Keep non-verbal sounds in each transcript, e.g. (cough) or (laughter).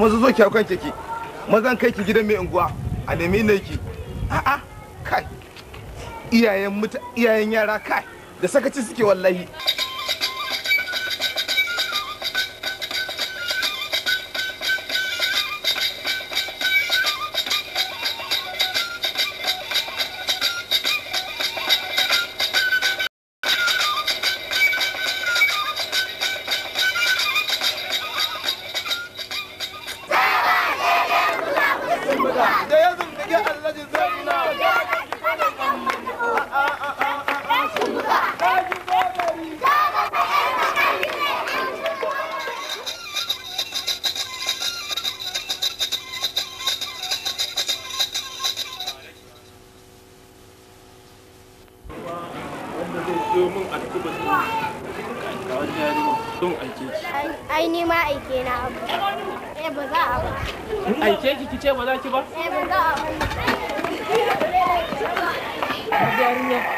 maza wasu zo ki akan keke mazan kai ki gidan mai unguwa a nemi ne ki a'a kai iyayen muta iyayen yara kai da sakaci suke wallahi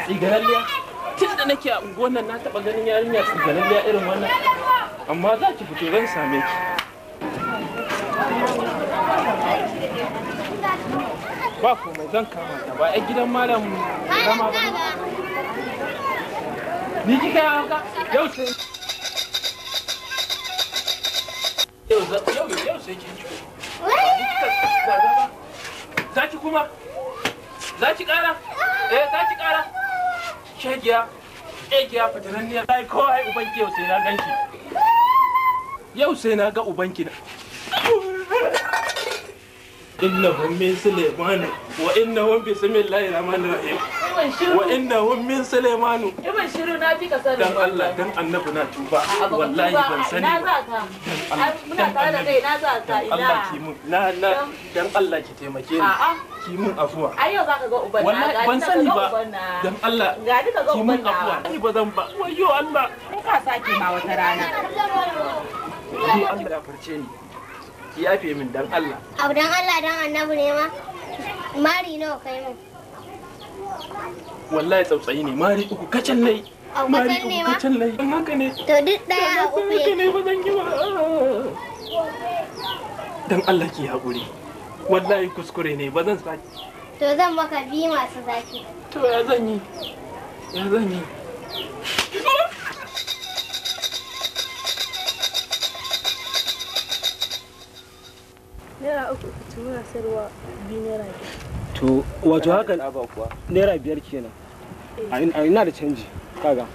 tsigaralliya tun da nake a unguwan na taɓa ganin yarinya tsigaralliya irin wannan amma za ki fito zan same ki ba komai zan kama ta ba yan gidan malam zama ba ni kika yawa ka yau ce yau yau sai kin ci za ki kuma za ki kara eh za ki kara shegiya shegiya fitiranniya ai kowai ubanki yau sai na ganki yau sai na ga ubanki na innahum min sulaymanu wa innahum bismillahir rahmanir rahim wa innahum min sulaymanu ibn shiru na fi kasar dan Allah dan annabi na tuba wallahi ban sani na za ka muna tare da kai na za ka Allah ki mun na na dan ki mun afuwa ai yau zaka ban sani ba dan Allah ga ka ai ba zan ba wayo Allah ka sake ma wata rana Allah ya farce ni ki yafe min dan Allah abu dan Allah dan annabi ne ma mari nawa kai mun? wallahi tsautsayi ne mari uku kacal nai mari uku kacal nai dan haka ne to duk daya uku ne ba zan yi ba dan Allah ki haƙuri wallahi kuskure ne ba zan saki to zan baka biyu masu zaki. to ya zan yi ya zan yi naira uku ku ci muna sayarwa biyu naira biyar to wato haka naira biyar kenan a ina da canji kaga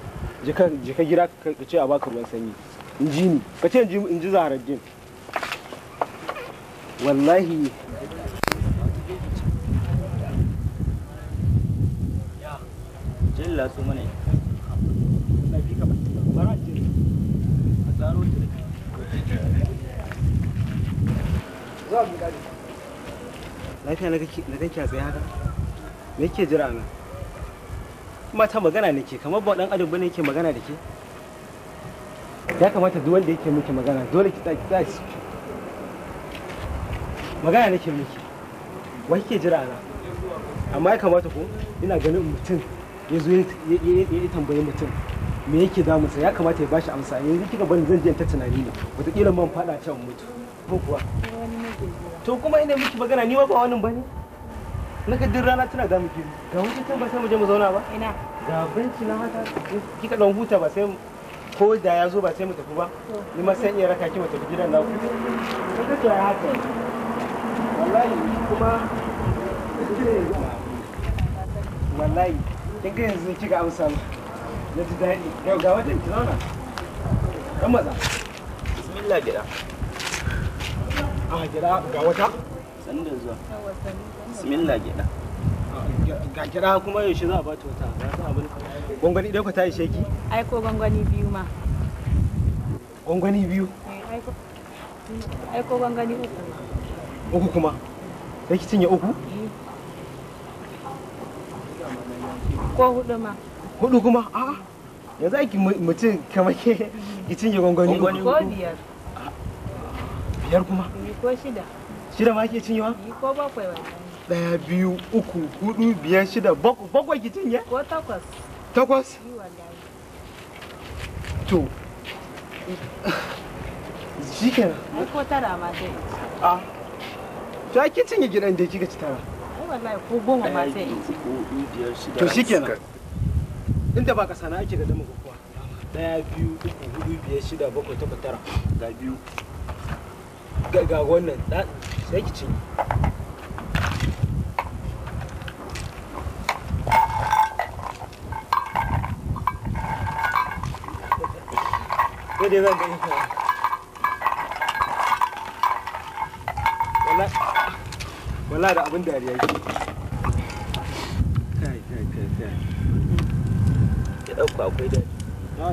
jika gida ka ce a baka ruwan sanyi in ji ni ka ce in ji zaharaddin wallahi jin latsu mana lafiya na kake a tsaye haka me ke jira nan ta magana ne ke kamar ba dan adam bane yake magana da ke ya kamata duk wanda yake miki magana dole ki tsaki tsaki magana nake miki wai ke jira nan amma ya kamata ko ina ganin mutum ya zo ya tambayi mutum me yake damu sa ya kamata ya bashi amsa yanzu kika bani zan je ta tunani ne wataƙila man faɗa can mutu ko kuwa to kuma ina miki magana ni ma ba wannan bane na ga rana tana ga miki ga wajen can ba sai mu je mu zauna ba ina ga benci na Ki ka dan huta ba sai ko da ya zo ba sai mu tafi ba ni ma sai iya raka ki mu tafi gidan naku ka ga to ya haka wallahi kuma wallahi kin ga yanzu ki ga amsa na ji daɗi yau ga wajen ki zauna dan maza bismillah gida Ah, a gida ga wata sanin da zuwa bismillah gida ga kira kuma yaushe za a ba ta wata za a abin gwangwani ɗaya ku ta yi sheki. ai ko gwangwani biyu ma gwangwani biyu eh, ai ko gwangwani uku uku kuma sai ki cinye uku ko hudu ma hudu kuma a'a yanzu aiki mutum kamar ke ki cinye gwangwani uku ko biyar biyar kuma ko shida shida ma ke cinyewa ni ko bakwai ba daya biyu uku hudu biyar shida bakwai bakwai ki cinye ko takwas takwas to shi ke kenan ko tara ma yi. a to ake cinye gidan da kika ci tara wallahi ko goma ma sai to shi ke kenan inda ba ka sana ake ga dama kuwa daya biyu uku hudu biyar shida bakwai takwas tara ga biyu ga wannan sai ki ci Gode zan gani Wala da abin dariya ke. Kai kai kai kai. ɗauka akwai dariya.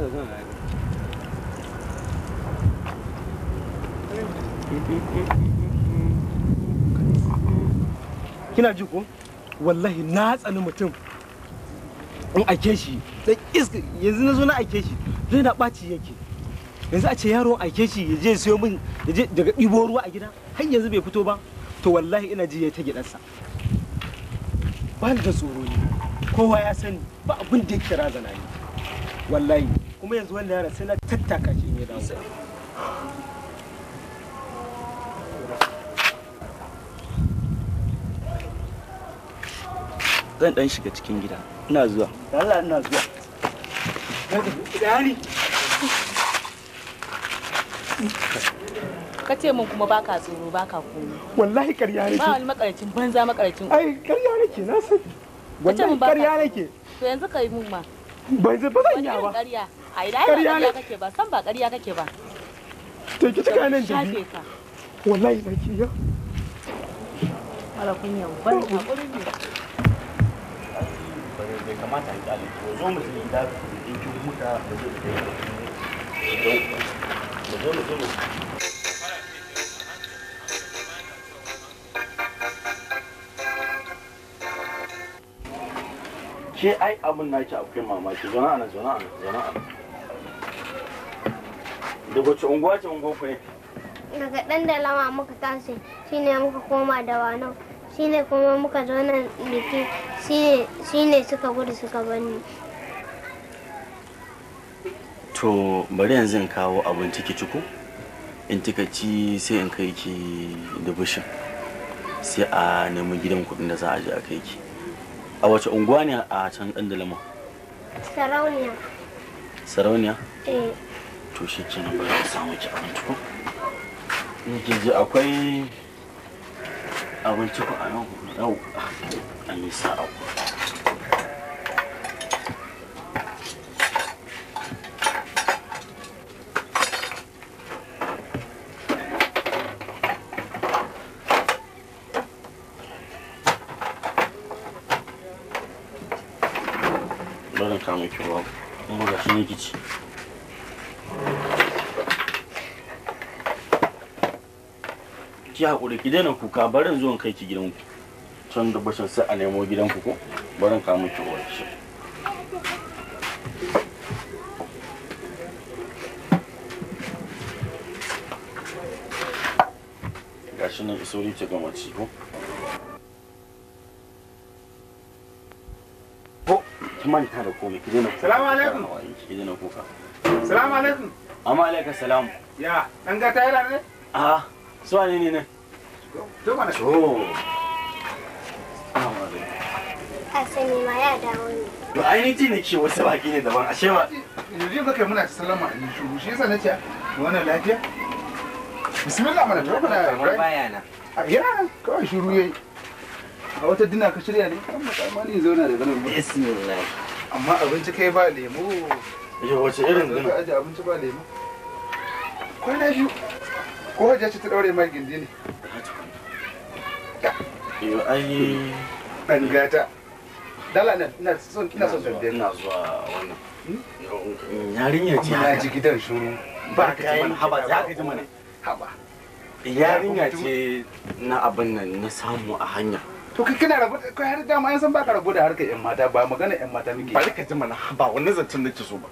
da zan kina ji ko wallahi na tsani mutum in aike shi iska yanzu na na aike shi zai na baci yake yanzu a ce yaro aike shi ya je siyo min ya daga ɗibo ruwa a gida har yanzu bai fito ba to wallahi ina ji ya ta gidansa ba da tsoro ne kowa ya sani ba abin da yake razana ne wallahi kuma yanzu wannan yara sai na tattaka shi in ya dawo zan dan shiga cikin gida ina zuwa Allah ina zuwa ka ce min kuma baka tsoro baka komai wallahi ƙarya nake ba wani makarancin banza makarancin ai ƙarya nake na sani wallahi ƙarya nake to yanzu kai mun ma ban zai ba zan yi ba ƙarya ai dai ƙarya kake ba san ba ƙarya kake ba to ki tuka nan da ni wallahi zaki ya ala kunya ban hakuri ne bai kamata a yi tsari ko zo mu je gida da ɗinkin muta da zai da yau zo mu zo mu ce ai abin na ci akwai mamaki zona ana zona ana zona ana daga wace unguwa ce unguwa kwaye daga ɗan da lama muka tashi shine muka koma da wano shine kuma muka zo nan biki shine suka gudu suka bani to bari yanzu in kawo abin ciki ciku in kika ci sai in kai ki dubushin sai a nemi gidan kudin da za a je a kai ki a wace unguwa ne a can da dalama sarauniya sarauniya eh to shi kenan bari a samu ki ni ko akwai abinci ku a nan ku yau a nisa a ku Bari kama ki babu, ga shi ne kici. ki haƙuri ki daina kuka barin zuwan kai ki gidanku can da bashin sai a nemo gidanku ko barin ka miki wacce gashi nan isori ta ga mace ko ko ki manta da komai ki daina kuka salamu alaikum ki daina kuka salamu alaikum amma alaikum salam ya dan gata yana ne a su ne nan to mana so asali ma ya dawo ne to ainihin ji ne ke wasu baki ne yanzu ba kai muna sallama a shuru shi yasa lafiya bismillah mana to kuna kamar a na yana kawai shuru a wata dina ka shirya ne kan makamani zauna da ganin bismillah amma abinci kai ba lemo yo ko hajiya ta daure mai gindi ne yo ai dan gata dala na ina son ina son tambaye zuwa wannan hmm? yarinya ce ji gidan shuru ba ka ji haba za ka ji mana haba ce na abin nan na samu a hanya to kai kana rabu kai har dama an san baka rabu da harkar yan mata ba magana yan mata muke ka ji mana ba wannan zancen nake so ba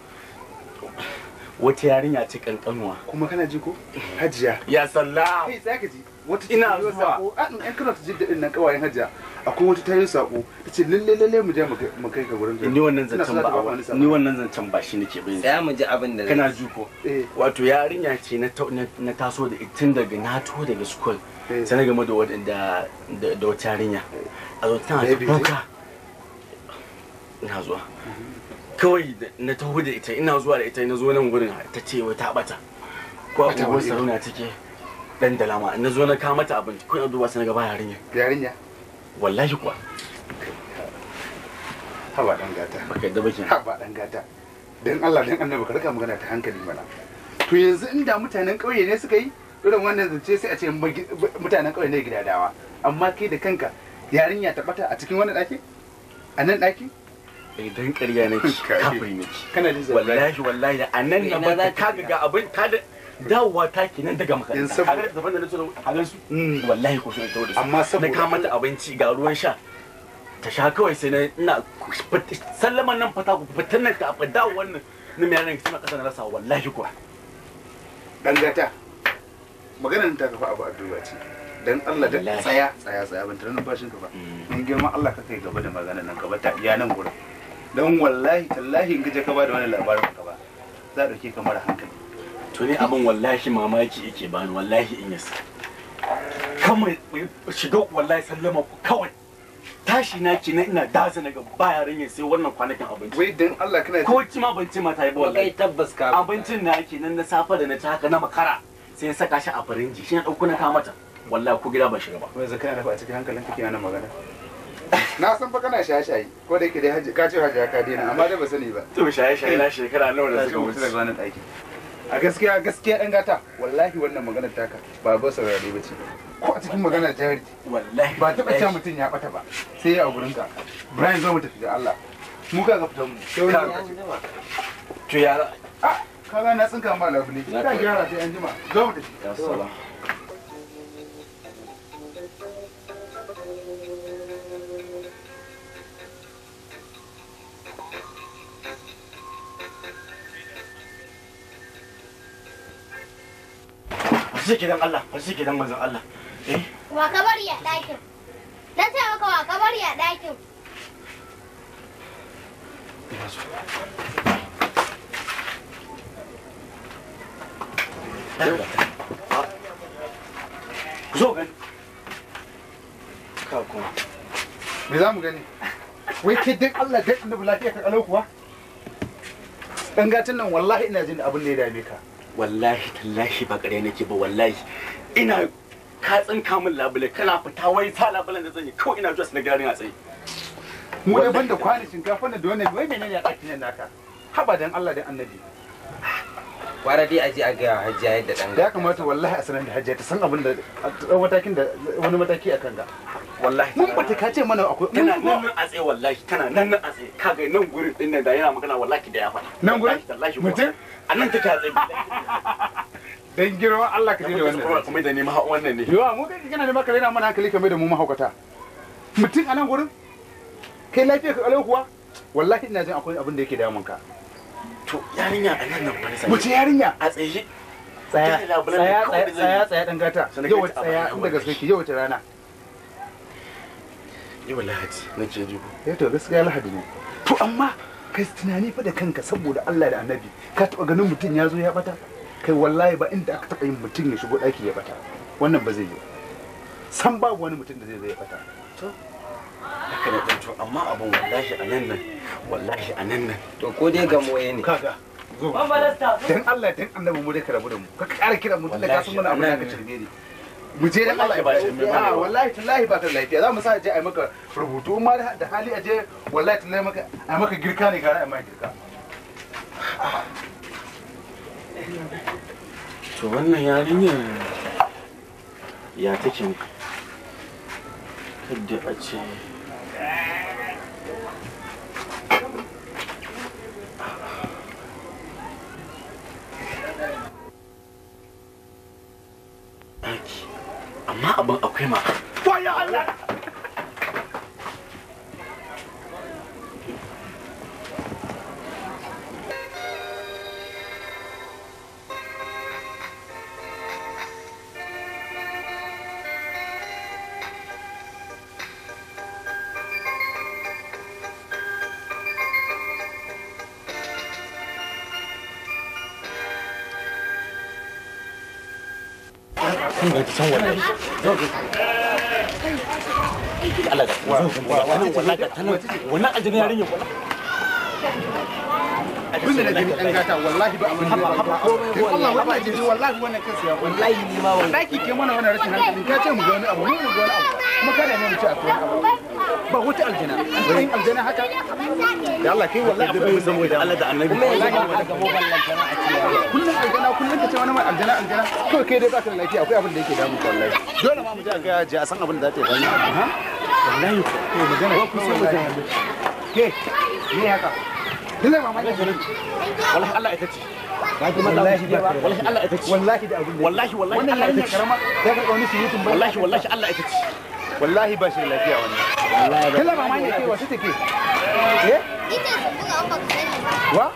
wata yarinya ce kankanuwa kuma kana ji ko hajiya (laughs) ya sallah kai ka ji wata ina zuwa a ah, an kana ji dadin nan kawayen hajiya akwai wata tayin sako tace lalle lalle mu je mu kai ka gurin ni wannan zancan ba ni wannan zancan ba shi nake bayin sai mu ji abin da kana ji ko eh. wato yarinya ce na taso da tun daga na to daga school eh. sai na game da wadanda da wata yarinya eh. a zo tana ta buka ina zuwa mhm. kawai na taho da ita ina zuwa da ita na zo nan gurin ta ce wai ta bata ko a kuma sarauna take dan dalama na zo na kawo mata abinci ko ina duba sai gaba ga ba yarinya yarinya wallahi kuwa haba dan gata baka da bakin haba dan gata dan Allah dan annabi ka rika magana ta hankali mana to yanzu inda mutanen kauye ne suka yi irin wannan zance sai a ce mutanen kauye ne gidadawa amma kai da kanka yarinya ta bata a cikin wannan daki a nan daki idan eh, ƙarya ci, kafin ne kana da zai wallahi wallahi da anan na ba ka ga abin ka da dawowa ta kenan daga makaranta ka da daban da na tsoro halin su mm, wallahi ko sun tawo da su amma saboda ka mata abinci ga ruwan sha ta sha kawai sai na ina sallaman nan fata ku fitan nan ka fada wannan na mai ranar kima kasa na rasa wallahi kuwa dan gata maganar ta kafa abu addu'a ce dan Allah da tsaya tsaya tsaya ban tare numfashin ka ba in mm. girma Allah ka kai gaba da maganar nan gaba ta iya nan gurin don wallahi tallahi in ka ba da wani labarin ka ba za a ɗauke ka mara hankali to ni abin wallahi mamaki yake bani wallahi in yasa kama shiga wallahi sallama ku kawai tashi na ke na ina daza na ga ba yaran ya sai wannan kwanakin abinci wai dan Allah kana ko kima abinci ma ta yi ba wallahi tabbas ka abincin na ke nan na safa da na ta haka na makara sai ya saka shi a farinji shi na dauko na ka mata wallahi ko gida ban shiga ba wai zaka na dafa a cikin hankalinka kake nan magana na san fa kana shaye-shaye ko da yake dai haji ka ce haji ka dena amma dai ba sani ba to shaye-shaye na shekara nawa da suka mutu daga wannan daki a gaskiya gaskiya ɗan gata wallahi wannan magana taka ba ba saurare ba ce ko a cikin magana jari wallahi ba ta bace mutun ya bata ba sai ya a gurin ka Brian zo mu tafi da Allah mu ka ga fitan mu sai wani to ya ah, ka ga na tsinka ma labule ka gyara sai an jima zo mu tafi shi ke dan Allah ba shi ke manzon Allah eh wa kabar ya a ɗakin na ce maka wa ka bari a zo gani ka kuma me za mu gani wai ke duk Allah duk annabi lafiya ka kalau kuwa dan gatin nan wallahi ina jin abin da ya dame ka wallahi tallahi ba kare nake ba wallahi ina ka tsinka min labule kana fita wai ta labulen da zan yi kawai ina jos na garin a tsaye mu da banda kwali shinkafa da wannan wai menene a ɗakin naka haba dan Allah dan annabi kwara dai aje a ga hajjiya yadda dan ya kamata wallahi a sanar da hajjiya ta san abin da wani matakin da wani mataki akan ga wallahi mun bata ka ce mana akwai Kana nan a tsaye wallahi Kana nan nan a tsaye ga nan gurin din nan da yana magana wallahi da ya faɗa nan gurin mutum a nan take a tsaye (laughs) dan girma Allah ka da wannan kuma da ne maha wannan ne yawa mu kai kana neman ka rena mana hankali kamar da mu mahaukata mutum a nan gurin kai lafiya ka alau kuwa wallahi ina jin akwai abin da yake damun ka to yarinya a nan nan fa sai wace yarinya a tsaye tsaya tsaya tsaya dan gata yau tsaya inda gaske ki yau rana yau lahadi nake ji eh to gaskiya lahadi ne to amma kai tunani fa da kanka saboda Allah da Annabi ka taba ganin mutum ya zo ya bata kai wallahi ba inda aka taba yin mutum ya shigo daki ya bata wannan ba zai yi san babu wani mutum da zai zo ya bata to haka ne to amma abun wallahi a nan nan wallahi a nan nan to ko dai ga moye ne kaga dan Allah dan Annabi mu dai ka rabu da mu ka kara kira mutum da ka san mana abin da ka cirbe ne mu je da Allah a ah, wallahi tallahi ba ta lafiya za mu sa je a maka rubutu ma da hali aje je wallahi tallahi maka a maka girka ne gara a maka girka to wannan yarinyar ya take ne kada a ce amma abin akwai ma. Waya Allah! ga ta can wallahi Allah ga wannan wallahi ga tanan wannan ajin yarinya wallahi abin da nake dan gata wallahi ba amma ba komai wallahi wallahi jini wallahi wannan kansa ya wallahi ni ma wallahi ke mana wannan rashin hankali ka ce mu ga wani abu mu ga wani abu kuma kada ne mu ci a kai ba wuta aljana an haka da Allah kai wallahi akwai mun zamo da Allah da annabi wallahi ba ga moban lantana a cikin kullun aljana kullun ka ce wani mai aljana aljana kawai kai dai ka da lafiya akwai abin da yake damu wallahi dole ma mu je ga ji a san abin da za ta yi wallahi ko eh, magana ko kusa magana ke ni haka Dole ma mai aljana wallahi Allah ita ce wallahi Allah ita ce wallahi Allah ita ce karama Allah ita ce wallahi ba shi lafiya wannan wallahi ba kila mama ke wasu take eh ita su buga ba wa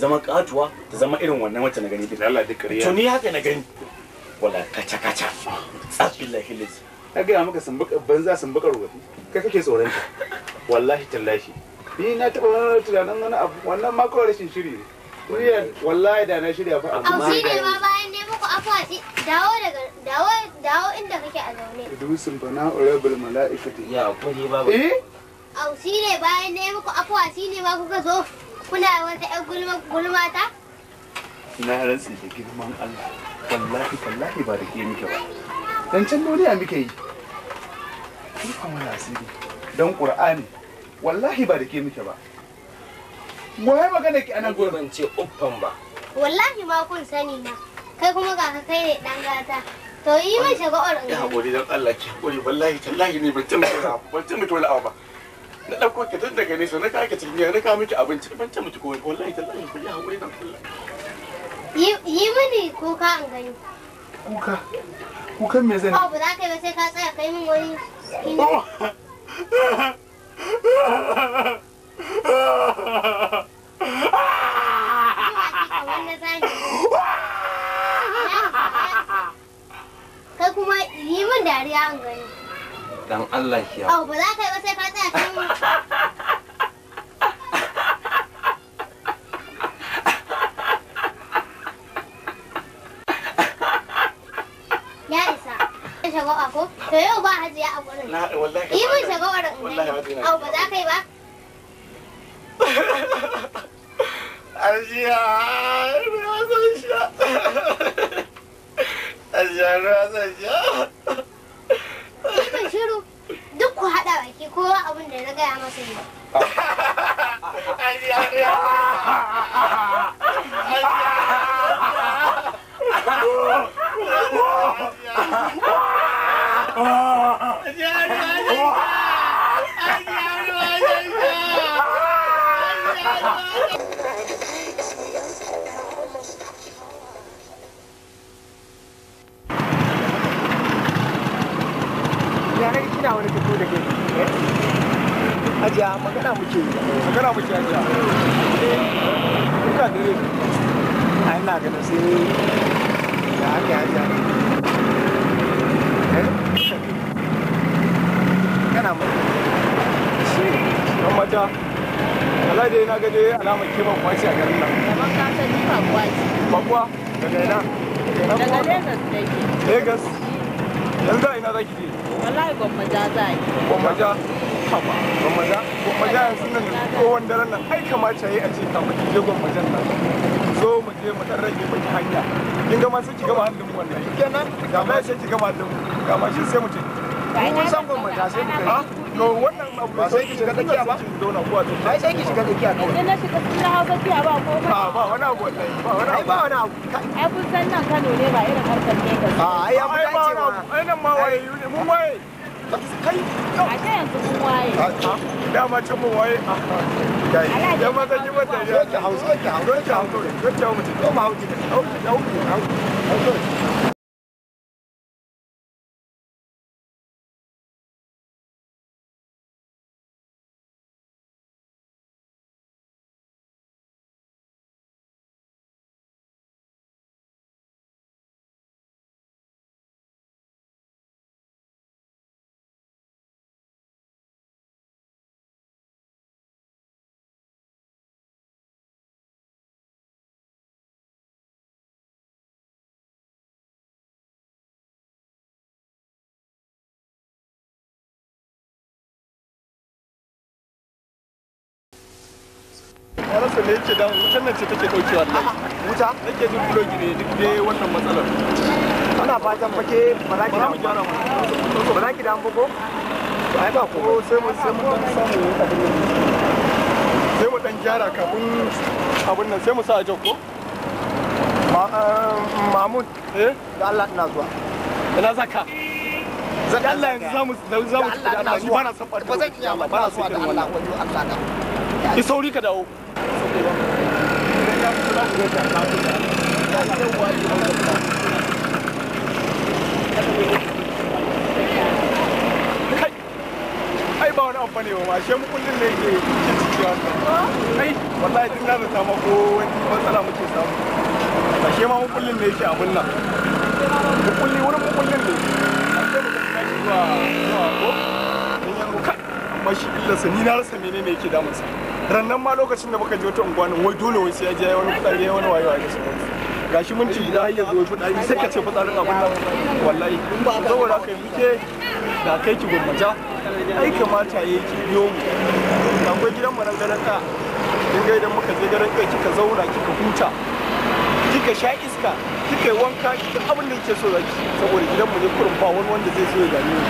ta zama katuwa ta zama irin wannan wacce na gani din Allah duk kariya to ni haka na gani wala kaca kaca tsabillahi liz ka ga maka sumbuka banza sumbuka rufi kai kake tsoron ta wallahi tallahi ni na taba wani tunanin wani abu wannan ma kawai rashin shiri ne wallahi da na shirya fa amma shi ne ba bayan ne muku afati dawo daga dawo dawo inda kake a zaune dusun bana urabul malaikati ya kuri babu eh au shi ne bayan ne muku afwa shi ne ma kuka zo kuna wata ƴan gulma gulma ta na rantsi da girman Allah wallahi wallahi ba da ke muke ba dan can duniya muke yi ku kuma na asiri dan qur'ani wallahi ba da ke muke ba wai magana ki anan gurin ce uffan ba wallahi ma kun sani na kai kuma ga kai ne dan gata to yi mai shaga'ar orin ya hakuri dan Allah ki hakuri wallahi tallahi ne ban ce mutuwa ba na ɗauko ka tun daga nesa na kake cikin gida na kawo miki abinci ban ta mutu, komai wallahi tallahi ku yi haƙuri dan Allah yi mini kuka an gani kuka kukan me zan oh, ba za ka yi ba sai ka tsaya kai min wani oh! kai kuma yi min dariya an gani dan Allah ya. Oh, ba za ka yi ba sai ka tsaya kan Ya isa. a ko? To yau ba a gurin. Na wallahi. Yi Wallahi oh, ba za ka ba. (laughs) sha. (laughs) sha. shiru duk ku haɗa baki kowa abin da na gaya masa yi. Oh! (laughs) ya na kina wani fito da ke eh? ajiya magana muke magana muke ajiya duka dare a ina ganin sai ne da ajiya eh? kana mai shi don mata Allah dai na ga alamar kiban kwaci a garin nan. Kamar ka sani ba kwaci. daga ina? Daga Lagos dai. Lagos. yanzu a ina za ki je wallahi gwammaja za a yi gwammaja haba gwammaja gwammaja yanzu nan tsohon daren nan ai kamata yayi a ce kafin ki je gwammajan nan zo mu je mu dan rage miki hanya kin ga ma sai ki gama hannun wannan kenan ga ma sai ki gama hannun ga ma shi sai mu ce mun san gwammaja sai mu kai to wannan abu ba sai ki shiga tsakiya ba dona kuwa to ai sai ki shiga tsakiya kawai idan na shiga na hau tsakiya ba ko ba ba wani abu wallahi ba wani abu ba wani abu ai kun san nan Kano ne ba irin harkar Lagos a ai ba nào à? ấy là màu ấy mua mày thấy không ai thế là mua mày mà cho mua mày đâu mà cái gì ờ. mà tiền chào rồi chào rồi chào rồi chào mình có màu gì mình đấu đấu wutar ne yake wutar nan ce take wuta nake jin ne duk dai wannan matsalar fatan ba za ki ba za ki ai ba ko sai mu sai mu samu sai mu dan gyara kafin nan sai mu sa a ko eh, Mahmud eh da Allah ina zuwa ina zan Allah yanzu da Allah ba na san ba zan iya ba na Allah Allah ki sauri ka dawo ai ba wani amfani ba ashe mu kullum ne ke cikin ciki wannan ai wallahi duk na zata ma ko wani matsala muke samu ashe ma mu kullum ne ke abun nan mu kulli wurin mu kullum ne ashe mu kullum ne zuwa ko amma shi illarsa ni na rasa menene damun damunsa rannan ma lokacin da muka je wata unguwa wai dole wai sai ya je wani ya wani wayo wayo gashi mun ci da hanyar zuwa wai sai ka ce fitsarin abin nan wallahi saboda yi muke da kai ki gwamnata ai kamata yi ki biyo mu da akwai gidan mu nan garan kin ga idan muka je garan ka kika zauna kika huta kika sha iska kika yi wanka kika abin da kike so zaki saboda gidan mu ne kurum ba wani wanda zai so ya gane ni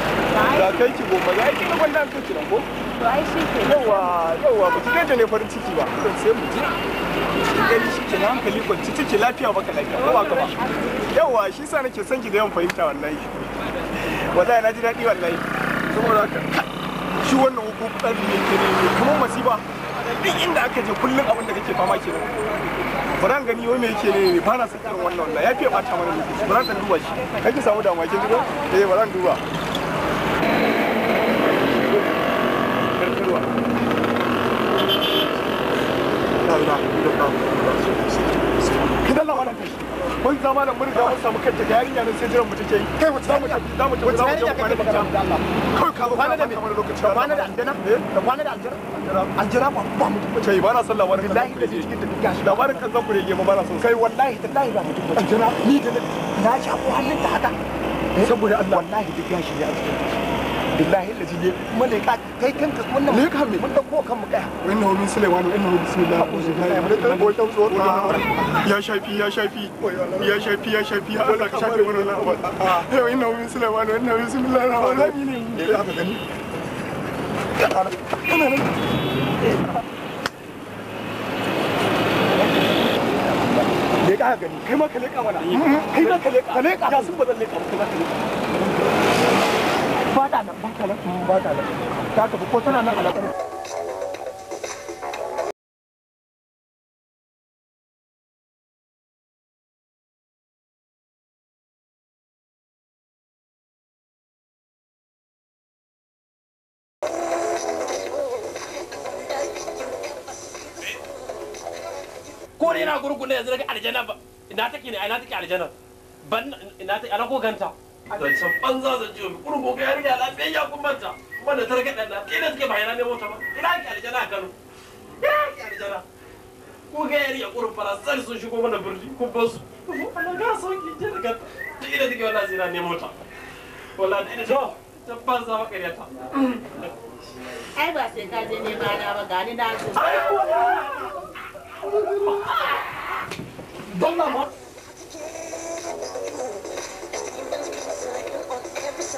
da kai ki gwamnata ai kika gwanda kai ki nan ko to ai shi ke yawa yawa ba ki gaje farin ciki ba to sai mu je ki gani shi ke na hankali ci ciki lafiya baka lafiya ko ba ka ba yawa shi sa nake son ki da yawan fahimta wallahi wallahi na ji daɗi wallahi saboda haka shi wannan hukuku ɗan ne ke ne kuma masifa duk inda aka je kullum abin da kake fama ke Buran gani wai me yake ne ba na son irin wannan wallahi ya fiye bata mana lokaci Buran da duba shi kake samu damuwa kin ji ko eh Buran duba ki dalla wannan kai mun zama da mun ga mun samu kanta ga yarinya nan sai jiran mu take yi kai wace zamu tafi zamu tafi zamu tafi kwana da Allah kai ka kwana da me kwana da aljana da kwana da aljana aljana ba ba mutum bace ba na sallah wani billahi da cikin da gashi labarin kan zan kurege ba na so kai wallahi tallahi ba mutum bace aljana ni da na shafo hannun ta haka saboda Allah wallahi duk gashi ne a cikin billahi da jiye malaka kai kanka wannan ne ka mun dauko kan mu kaya wannan wani sulaiman wannan wani bismillah ya shafi ya shafi ya shafi ya shafi ya Allah ka shafi wannan abu eh wannan wani sulaiman wannan wani bismillah wannan ne eh, ne za Leka eh. eh, kai ma ka leka mana, mm-hmm. kai ma ka leka, ka leka, ya sun leka, kai ka leka. ba ta nan ba ta nan mm, ba ta nan ta tafi ko tana nan alaƙar ko ne na gurguna yanzu daga aljanna ba ina take ne ina take aljanna ban ina take ana ko ganta zancen banza zan ciwo mai kurin gobe yarinya lafiyar ya kun manta kuma da na suke ne ba ina ki aljana a kano ina ki aljana ko yarinya kurin sun shigo mana birni kun ba su Allah ga sauki je daga zina ne mota ina to banza ai ba sai ka je ne ba na ba gani na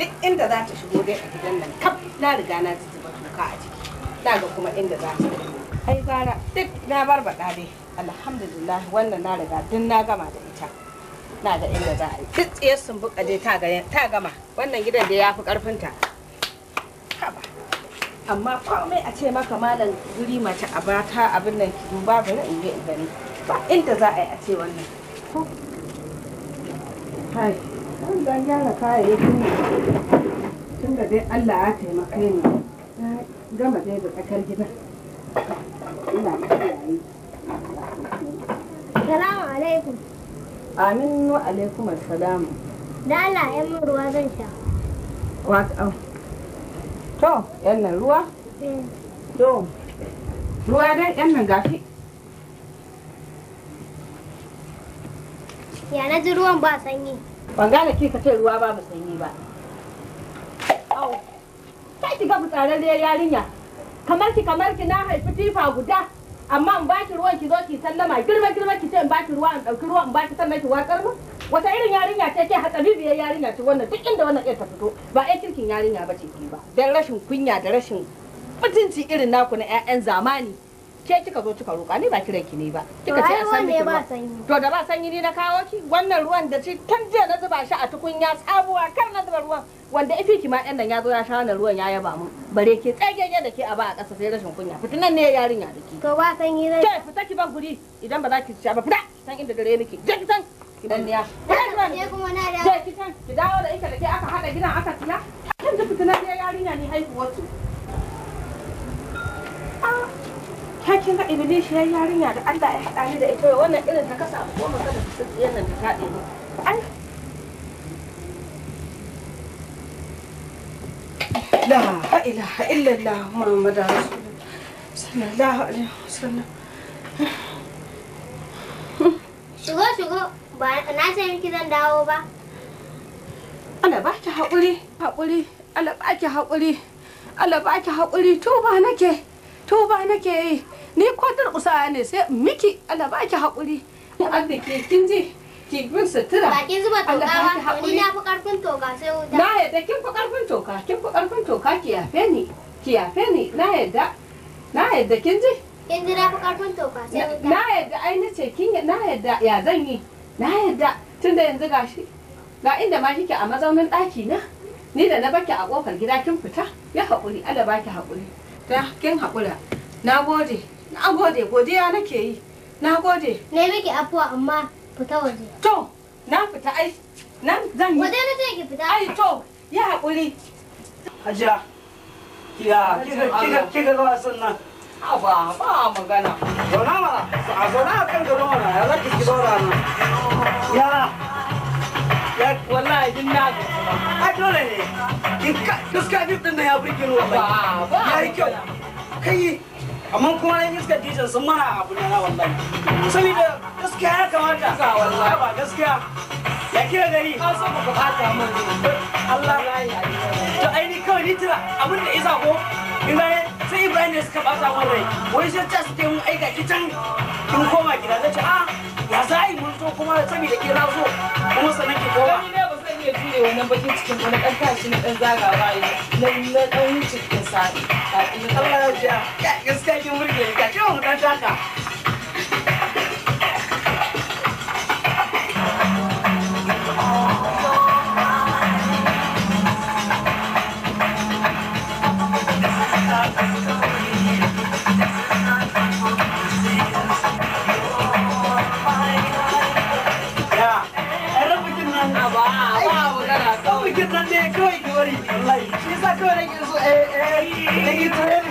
duk inda za ta shigo dai a gidan nan kaf na riga na zuba tuka a ciki na ga kuma inda za ta ai gara duk na barbaɗa dai alhamdulillah wannan na riga duk na gama da ita na ga inda za a yi duk tsiyar sun buka dai ta gama wannan gidan dai ya fi ƙarfinta amma komai a ce maka malam guri mace a bata abin nan ki duba bari in ga in gani ba inda za a yi a ce wannan zan dan gyara kayayyakin tun da dai Allah ya taimaka ni gama dai da tsakar gidan ina kiyaye salamu alaikum amin wa alaikum assalamu da Allah ya min ruwa zan sha wato to yan nan ruwa eh. to ruwa dai yan nan gafi ya na ji ruwan ba sanyi ban gane ki ce ruwa babu sanyi ba au sai ki ga fitsararriyar yarinya kamar ki kamar ki na haifi tifa guda amma in baki ruwan ki zo ki sallama girma girma ki ce in baki ruwa in dauki ruwa in baki sannan ki watsar mu wata irin yarinya ce ke biyar yarinya ce wannan duk inda wannan ta fito ba ai kirkin yarinya ba ce ki ba dan rashin kunya da rashin mutunci irin naku na 'ya'yan zamani ke kika zo kika roƙa ni ba kiran ki ne ba kika ce a san ni ba to da ba sanyi ni na kawo ki wannan ruwan da shi tun jiya na zuba shi a tukunya tsabuwa kar na zuba ruwan wanda ifi ki ma ɗan nan ya zo ya sha wannan ruwan ya yaba mu bare ke ne da ke a ba a ƙasa sai rashin kunya fitinan ne yarinya da ki to ba sanyi ne ke fita ki ban guri idan ba za ki sha ba fita san inda dare nake je ki san ki niya je kuma na da je ki san ki dawo da ita da ke aka hada gidan aka tiya kan da fitinan ne yarinya ne haihuwar su ah. ke kin ga ibilishiyar yarinya da Allah ya hada ni da ita wannan irin ta kasa ko magana ta tsiyar nan ta kaɗe ni ai la ilaha illallah muhammadu rasulullah sallallahu alaihi wasallam shigo shigo ba na san miki zan dawo ba Allah ba ki hakuri hakuri Allah ba ki hakuri Allah ba ki hakuri to ba nake to ba nake yi ni ko kwadar usaya ne sai miki Allah ba ki haƙuri da ke kin ji ki bin sutura ba ki zuba toka ba ni na fi karfin toka sai wuta na yadda kin fi karfin toka kin fi karfin toka ki yafe ni ki yafe ni na yadda na yadda kin ji kin ji na fi karfin toka sai wuta na yadda ai na ce kin na yadda ya zan yi na yadda tunda yanzu gashi ga inda ma kike a mazaunin ɗaki na ni da na baki a kofar gida kin fita ya haƙuri Allah baki haƙuri ta kin haƙura na gode na gode godiya nake yi na gode ne miki afuwa amma fita waje to na fita ai nan zan yi waje na ce ki fita ai to ya haƙuri hajiya ya kiga kiga ga wasan nan ba ba magana zauna mana a zauna kan gado mana ya zaki ki nan yara wallahi din na a dole ne ya ya yi kyau kuma iska mana gaskiya ya kamata ba gaskiya ya kira gari ai kawai ni tira da isa ko Ibrahim sai Ibrahim ne suka bata mun rai wai sai ta suke mun aika kitan in koma gida zai ce a ya za a yi mun so kuma saboda ke na so kuma sanan ki koma ni ne ba zan iya jure wannan bakin cikin wani dan kashi na dan zagawa na na dan wuce cikin sa'i ka ina kallon jiya ji gaskiya kin burge ni ka ce mu dan taka somebody, like, it's like when you say, training, get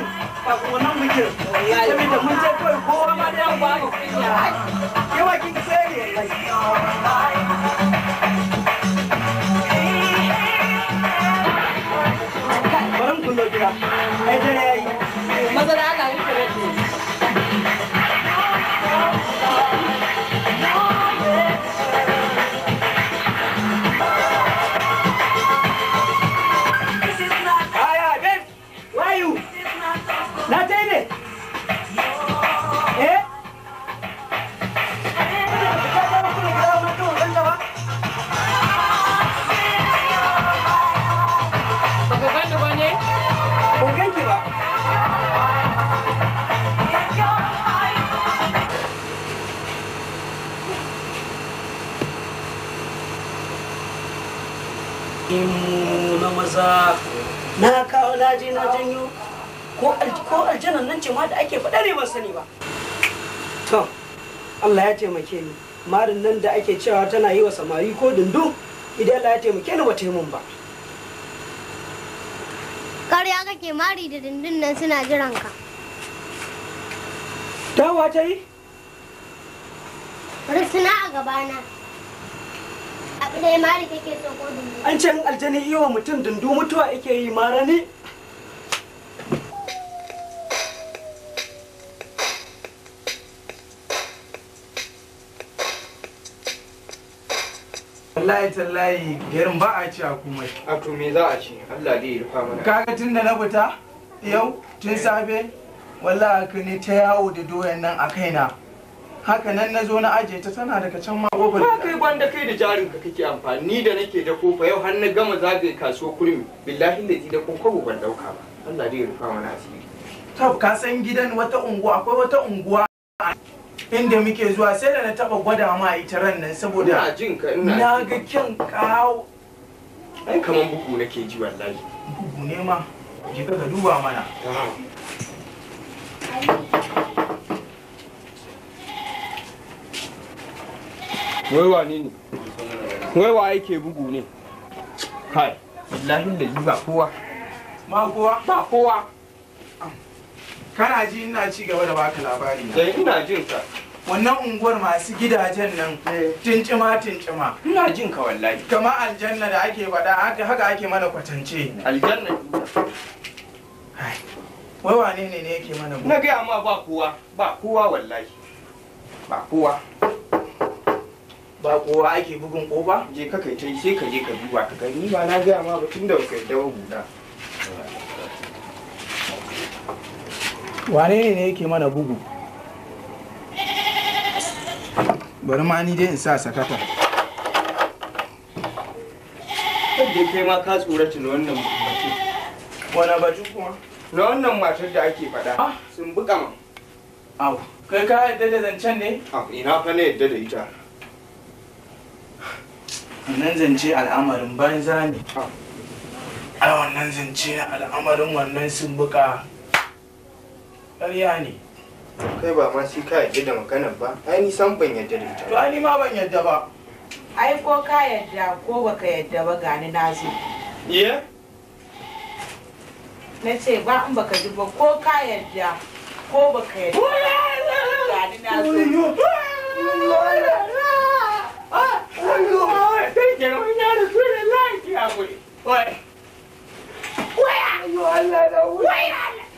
when I'm with you, let me the winter for a whole amount of time. You are king, say, like, ko aljanan nan ce ma da ake faɗa ne ban sani ba to Allah ya taimake ni marin nan da ake cewa tana yi wa samari ko dundu idan Allah ya taimake ni ba ta mun ba karya kake mari da dundun nan suna jiran ka dawa ta yi suna a gabana abu da mari kake so ko dundu an can aljani yi wa mutum dundu mutuwa ake yi mara ne wallahi tallahi garin ba a ci a kuma a to me za a ci Allah dai ya rufa mana kaga tun da na fita yau tun safe wallahi ka ne ta yawo da doyan nan a kaina haka nan na zo na aje ta tana daga can ma gobe ka kai gwanda kai da jarin ka kake amfani da nake da kofa yau har na gama zagaye kaso kurmi billahi da da kokobo ban dauka ba Allah dai ya rufa mana asiri to ka san gidan wata unguwa akwai wata unguwa inda muke zuwa sai da na taba gwada ma ita ran nan saboda na ga kyan kawo ai kaman bugu nake ji wallahi bugu ne ma ki ka duba mana wai wani ne wai wa yake bugu ne kai wallahi da ba kowa ba kowa ba kowa kana ji ina ci gaba da baka labari na sai eh, ina jin ka wannan unguwar masu gidajen nan eh. tincima tincima ina jin ka wallahi kamar aljanna da ake faɗa haka haka ake mana kwatance aljanna wai wane ne ne yake mana na gaya ma ba kowa ba kowa wallahi ba kowa ba kowa ake bugun kofa je ka kai sai ka je ka duba ka gani ba na gaya ma ba tun da kai dawo buɗa wane ne ne yake mana bugu bari ma ni dai in sa sakata kan kai ma ka tsorata na wannan mutum ba ji kuma na wannan matar da ake faɗa ah. sun buƙa ma au kai ka yadda da zancen ne ina fa na yadda da ita wannan zance al'amarin banza ne a wannan zance al'amarin wannan sun buga. ƙarya ne kai ba ma sai ka yadda da maganar ba ai ni san ban yadda da ita to ai ni ma ban yadda ba ai ko ka yadda ko baka yadda ba gani na zo ye na ce ba in baka ji ba ko ka yadda ko baka yadda gani na zo Wai! Wai! Wai! Wai!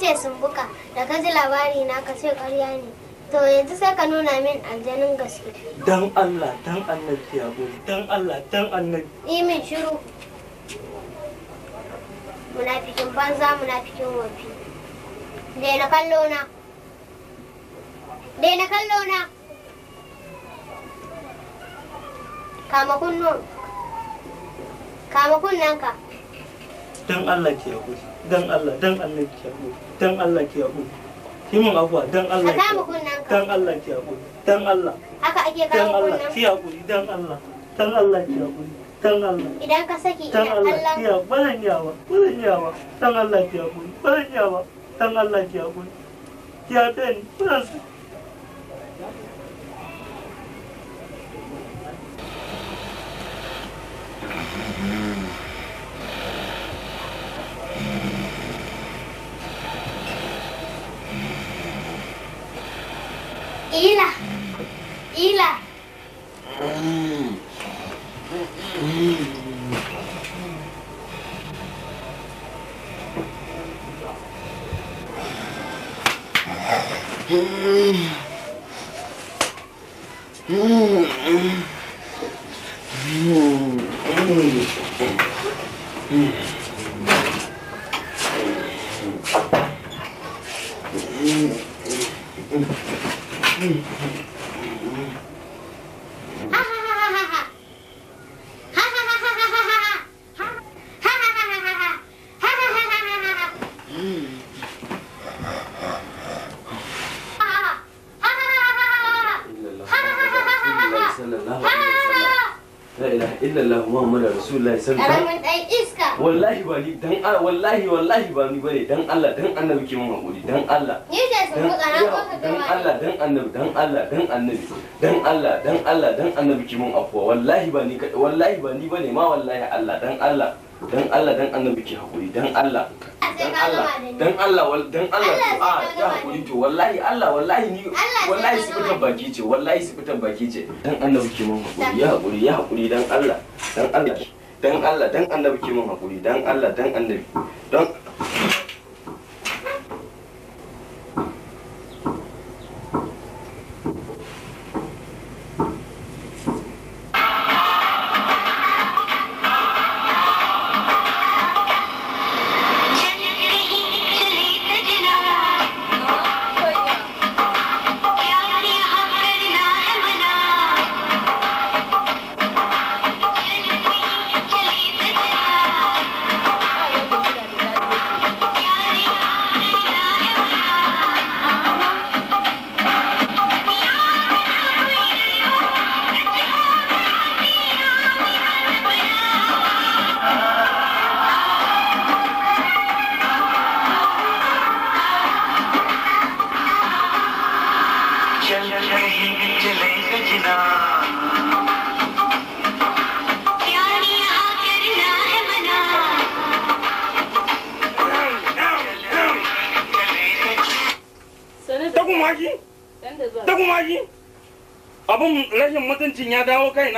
ni ce sumbuka da ka ji labari na ka ce ƙarya ne to yanzu sai ka nuna min aljanin gaske dan Allah dan Allah ya gode dan Allah dan Allah yi min shiru munafikin banza munafikin wafi daina kallo na daina kallo na kama kunnun kama kunnanka dan Allah ya gode dan Allah dan Allah ki abu dan Allah ki abu ki mun afuwa dan Allah ki abu dan Allah ki abu dan Allah haka ake dan Allah ki abu dan Allah dan Allah ki abu dan Allah idan ka saki dan Allah ki abu ban yawa ban yawa dan Allah ki abu ban yawa dan Allah ki abu ki haƙuri ban Hila. Hila. mm Hum. illallah muhammadu rasulullahi sallallahu alaihi wasallam iska wallahi ba ni dan Allah wallahi wallahi ba ni bane dan Allah dan annabi ke mun hakuri dan Allah ni da su mu tsara ko ka dan Allah dan annabi dan Allah dan annabi dan Allah dan Allah dan annabi ke mun wallahi ba ni wallahi ba ni bane ma wallahi Allah dan Allah dan Allah dan annabi ke hakuri dan Allah dan Allah dan Allah dan Allah a ya hakuri to wallahi Allah wallahi ni wallahi su fitan baki ce wallahi su fitan baki ce dan annabi ke mun hakuri ya hakuri ya hakuri dan Allah dan Allah dan Allah dan annabi ke mun hakuri dan Allah dan annabi dan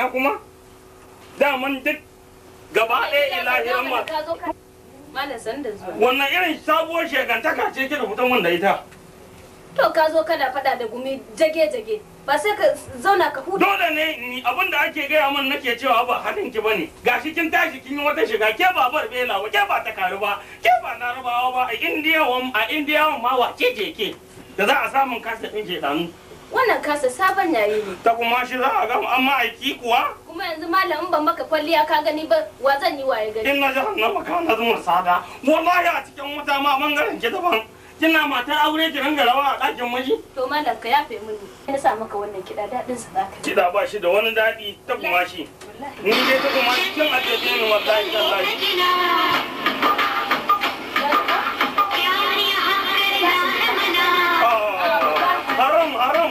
ina kuma daman duk gaba ɗaya ilahiran ma wannan irin sabuwar shekantaka ce ke da fitan wanda ita to ka zo kana faɗa da gumi jage-jage ba sai ka zauna ka huta dole ne ni abin da ake gaya min nake cewa ba hadin ki bane gashi kin tashi kin yi wata shiga ke ba bar bela ke ba ta karu ba ke ba na rubawa ba a wa a wa ma wace ke ke da za a samun kasa ɗin ke wannan kasa sabon yayi ne ta kuma shi za a gama amma aiki kuwa kuma yanzu malamin ban maka kwalliya ka gani ba wa zan yi waye gani ina hannun maka na zuma sada wallahi a cikin wuta ma bangaren ki daban kina matar aure ki ringa rawa a ɗakin miji to malam ka yafe mini na sa maka wannan kiɗa daɗin sa zaka kiɗa ba shi da wani daɗi ta kuma shi ni dai ta kuma shi kin addabe ni wata tallahi haram haram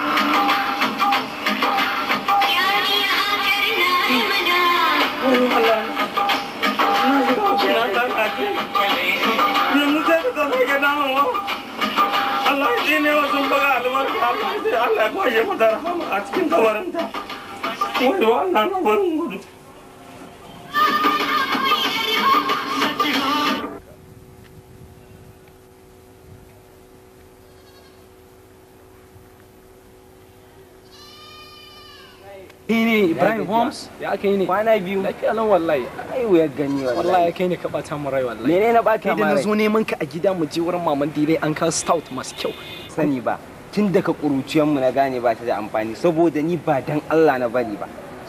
san kake damun wa oh. Allah ya tsine wa sun baga albarka Allah ya Allah ya kwashe ma a cikin kabarinta wai wa Allah na Homs ya aka yi ne kwana biyu lafiya nan wallahi ai wuya gani wallahi wallahi kai ne ka bata mu rai wallahi menene na bata mu rai da zo neman ka a gida mu je wurin maman dire an ka stout masu kyau sani ba tun daga kuruciyan mu na gane ba ta da amfani saboda ni ba dan Allah na bari ba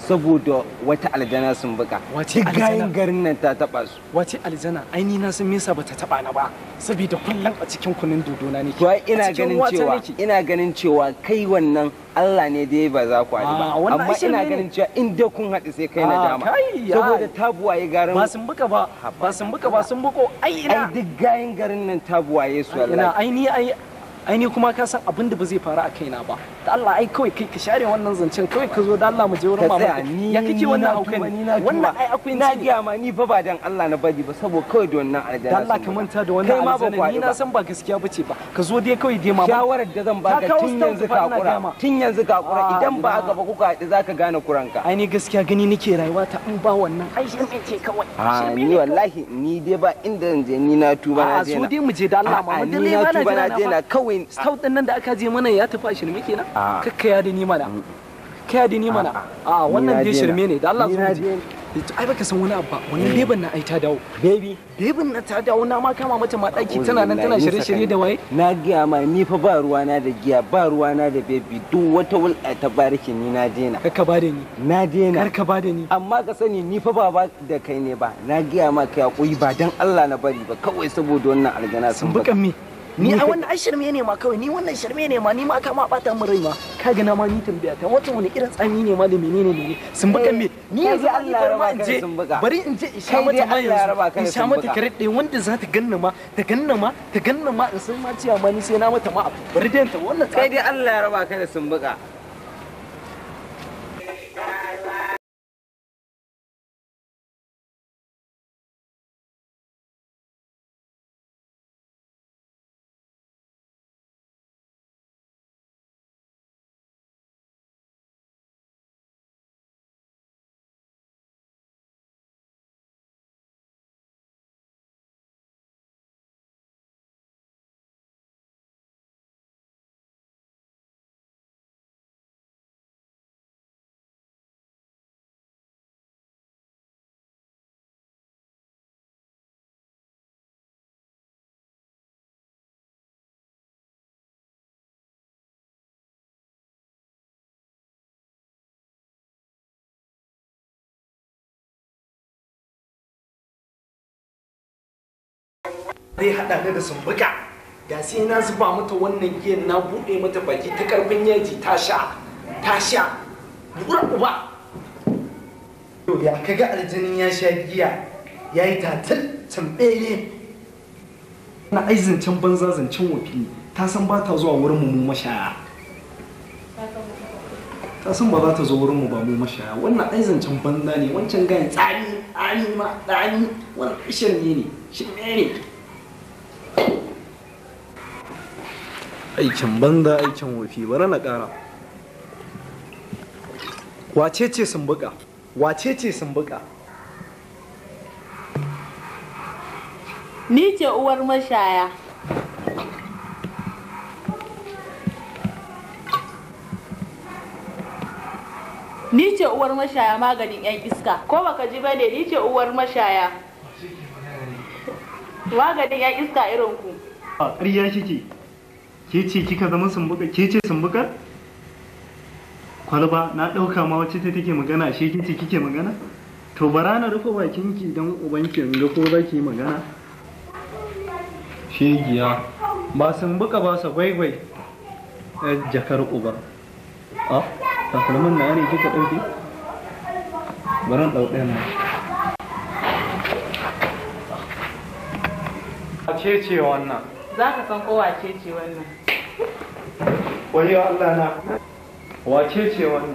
saboda wata aljana sun buka wace gayin garin nan ta taba su wace aljana aini na sun mesa bata taba na ba saboda kullum a cikin kunun dodona ne to ina ganin cewa ina ganin cewa kai wannan Allah ne dai ba za ku haɗu ba ah, amma ina ganin cewa in dai kun haɗu sai kai ah, na dama saboda tabuwa ya garin ba sun buka ba ba sun buka ba sun buko ai ina ai duk gayin garin nan tabuwa ya su wallahi aini ai aini kuma ka san abin da ba zai faru a kaina ba da Allah ai kawai kai ka share wannan zancen kawai ka zo da Allah mu je wurin mama ya kike wannan ne wannan ai akwai na giya ma ni fa ba dan Allah na bari ba saboda kawai da wannan aljana Allah ka manta da wannan aljana ni na san ba gaskiya bace ba ka zo dai kawai dai mama shawarar da zan baka tun yanzu ka kura tun yanzu ka kura ah, idan ba haka ba kuka haɗu zaka gane kuranka ai ni gaskiya gani nake rayuwa ta in ba wannan ai ne ce kawai a ah, ni wallahi ni dai ba inda zan je ni na tuba na je na a so dai mu je da Allah mama dai ba na je na kawai ah. stout din nan da aka je mana ya tafi ne muke na Ah. kakkaya da ni mana kakkaya da ni mana a ah, ah. wannan dai shirme ne da Allah zuwa ai baka san wani abba wani eh. beban na ai ta dawo baby beban na ta dawo na ma kama mata ma daki tana nan tana shirye-shirye da waye na giya ma ni fa ba ruwa na da giya ba ruwa na da baby duk wata wul'a ta bariki ni na dena kar ka da ni na dena kar ka da ni amma ka sani ni fa ba ba da kai ne ba na giya ma kai koyi ba dan Allah na bari ba kawai saboda wannan algana sun bukan me ni a wannan ai shirme ne ma kawai ni wannan shirme ne ma ni ma ka ma bata min rai ma ka ga na ma ni tambaya ta wata wani irin tsami ne ma da menene ne sun baka eh, me ni yanzu Allah ya raba kai sun buka bari in je in sha mata ma yanzu in sha mata karet ɗaya wanda za ta ganna ma ta ganna ma ta ganna ma in san ma ciya ma ni sai na mata ma bari dai ta wannan kai dai Allah ya raba ka da sun baka zai haɗa ni da sumbuka Ga sai na zuba mata wannan giyan na buɗe mata baki ta karfin yaji ta sha ta sha buɗe uba ya kaga aljinin ya sha giya ya yi tatil tambele na aizin can banza zancen wafi ta san ba ta zuwa wurin mu mashaya ta san ba za ta zo wurin mu ba mu mashaya wannan aizin can banza ne wancan gayan tsari ani ma tsani wannan shirme ne shirme ne aikin banza aikin wofi bari na ƙara wace ce sumbuka wace ce sumbuka ni ce uwar mashaya ni ce uwar mashaya maganin 'yan iska ko baka ji bane ni ce uwar mashaya maganin 'yan iska irin ku ƙarya kike ke ce kika zama sumbuka ke ce kwalba na ɗauka ma wacce take magana shi ke ce kike magana to bara na rufe ki don ubanki in ga ko za ki magana giya ba sumbuka ba sa gwaigwai jakar uba a ah, kalmar na ne kika ɗauke baran dau ɗayan nan ce ce wannan za ka san kowa ce ce wannan wani Allah na wace ce wani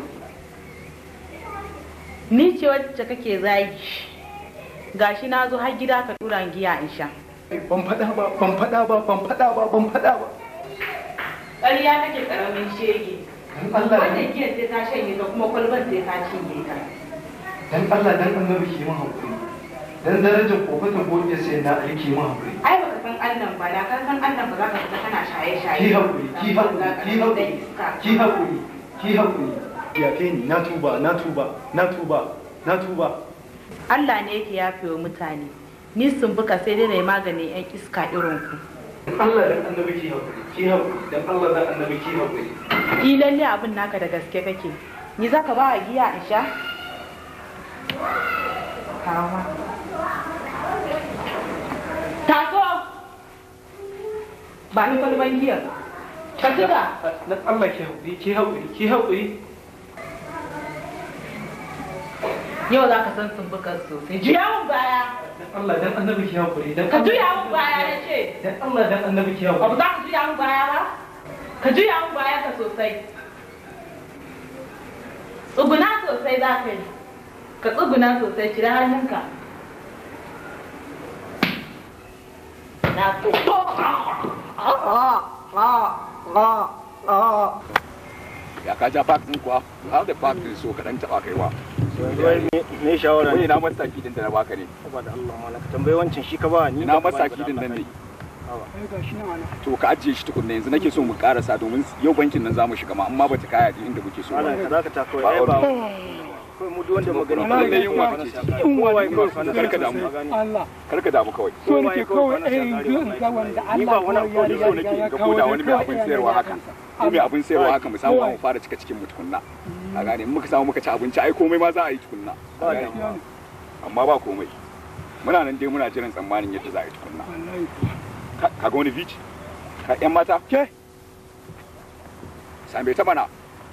ni ce wacce kake zagi gashi na zo har gida ka tura giya in sha ban faɗa ba ban faɗa ba ban faɗa ba ban faɗa ba ƙarya kake ƙaramin shege wanda giyar sai ta shanye ta kuma kwalban sai ta cinye ta dan Allah dan annabi ki mun hakuri dan darajar kofa ta goge sai na aiki mu hakuri ai baka san annan ba da kan san annan ba za ka fita kana shaye shaye ki hakuri ki hakuri ki hakuri ki hakuri ki hakuri ya kai ni na tuba na tuba na tuba na tuba Allah ne yake yafewa mutane ni sun buka sai dai nayi maganin yan iska irin ku Allah dan annabi ki hakuri ki hakuri dan Allah dan annabi ki hakuri ki lalle abin naka da gaske kake ni zaka ba giya in sha Kawo taso ba ni kwalban giyar ka tuka na Allah yau za ka san sumbukar sosai juya mun baya dan Allah dan annabi dan ka juya mun baya na ce dan Allah dan annabi za ka juya mun baya ba ka juya mun baya ka sosai tsuguna sosai za ka yi ka tsuguna sosai kira hannunka na ku ya ka ja park din kuwa har da park din so kadan taba kaiwa ne shawara ne na mataki din da na baka ne saboda Allah malaka tambayi wancan shi ka ba ni na mataki din nan ne to ka ajiye shi tukunna yanzu nake so mu karasa domin yau bankin nan za mu shiga ma amma bata kaya kaya inda muke so ba ka taka ba kai wanda magana ba ne karka damu Allah karka damu kawai so nake kawai ga wanda Allah ko ya ya so nake ga koda wani mai abin sayarwa haka ko mai abin sayarwa haka mu samu mu fara cika cikin mu tukunna a gane in muka samu muka ci abinci ai komai ma za a yi tukunna amma ba komai muna nan dai muna jiran tsammanin yadda za a yi tukunna ka wani bici ka yan mata ke same ta mana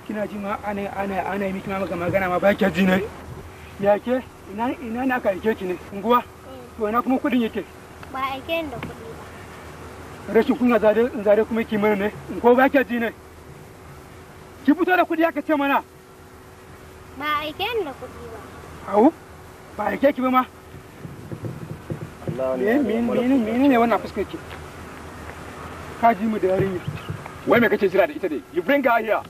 kina ji ma ana ana ana miki ma maka magana ma ba kya ji ne ya ke ina ina na ka ke ki ne unguwa eh. to ina kuma kudin yake ba ke da kudi ba rashin kunya zare zare kuma ki mana ne in ko ba kya ji ne ki fito da kudi aka ce mana ba ke da kudi ba au ba ke ki ba ma Allah ne min min ne wannan fuskar ki ka ji mu da yarinya wai me kake jira da ita dai you bring her here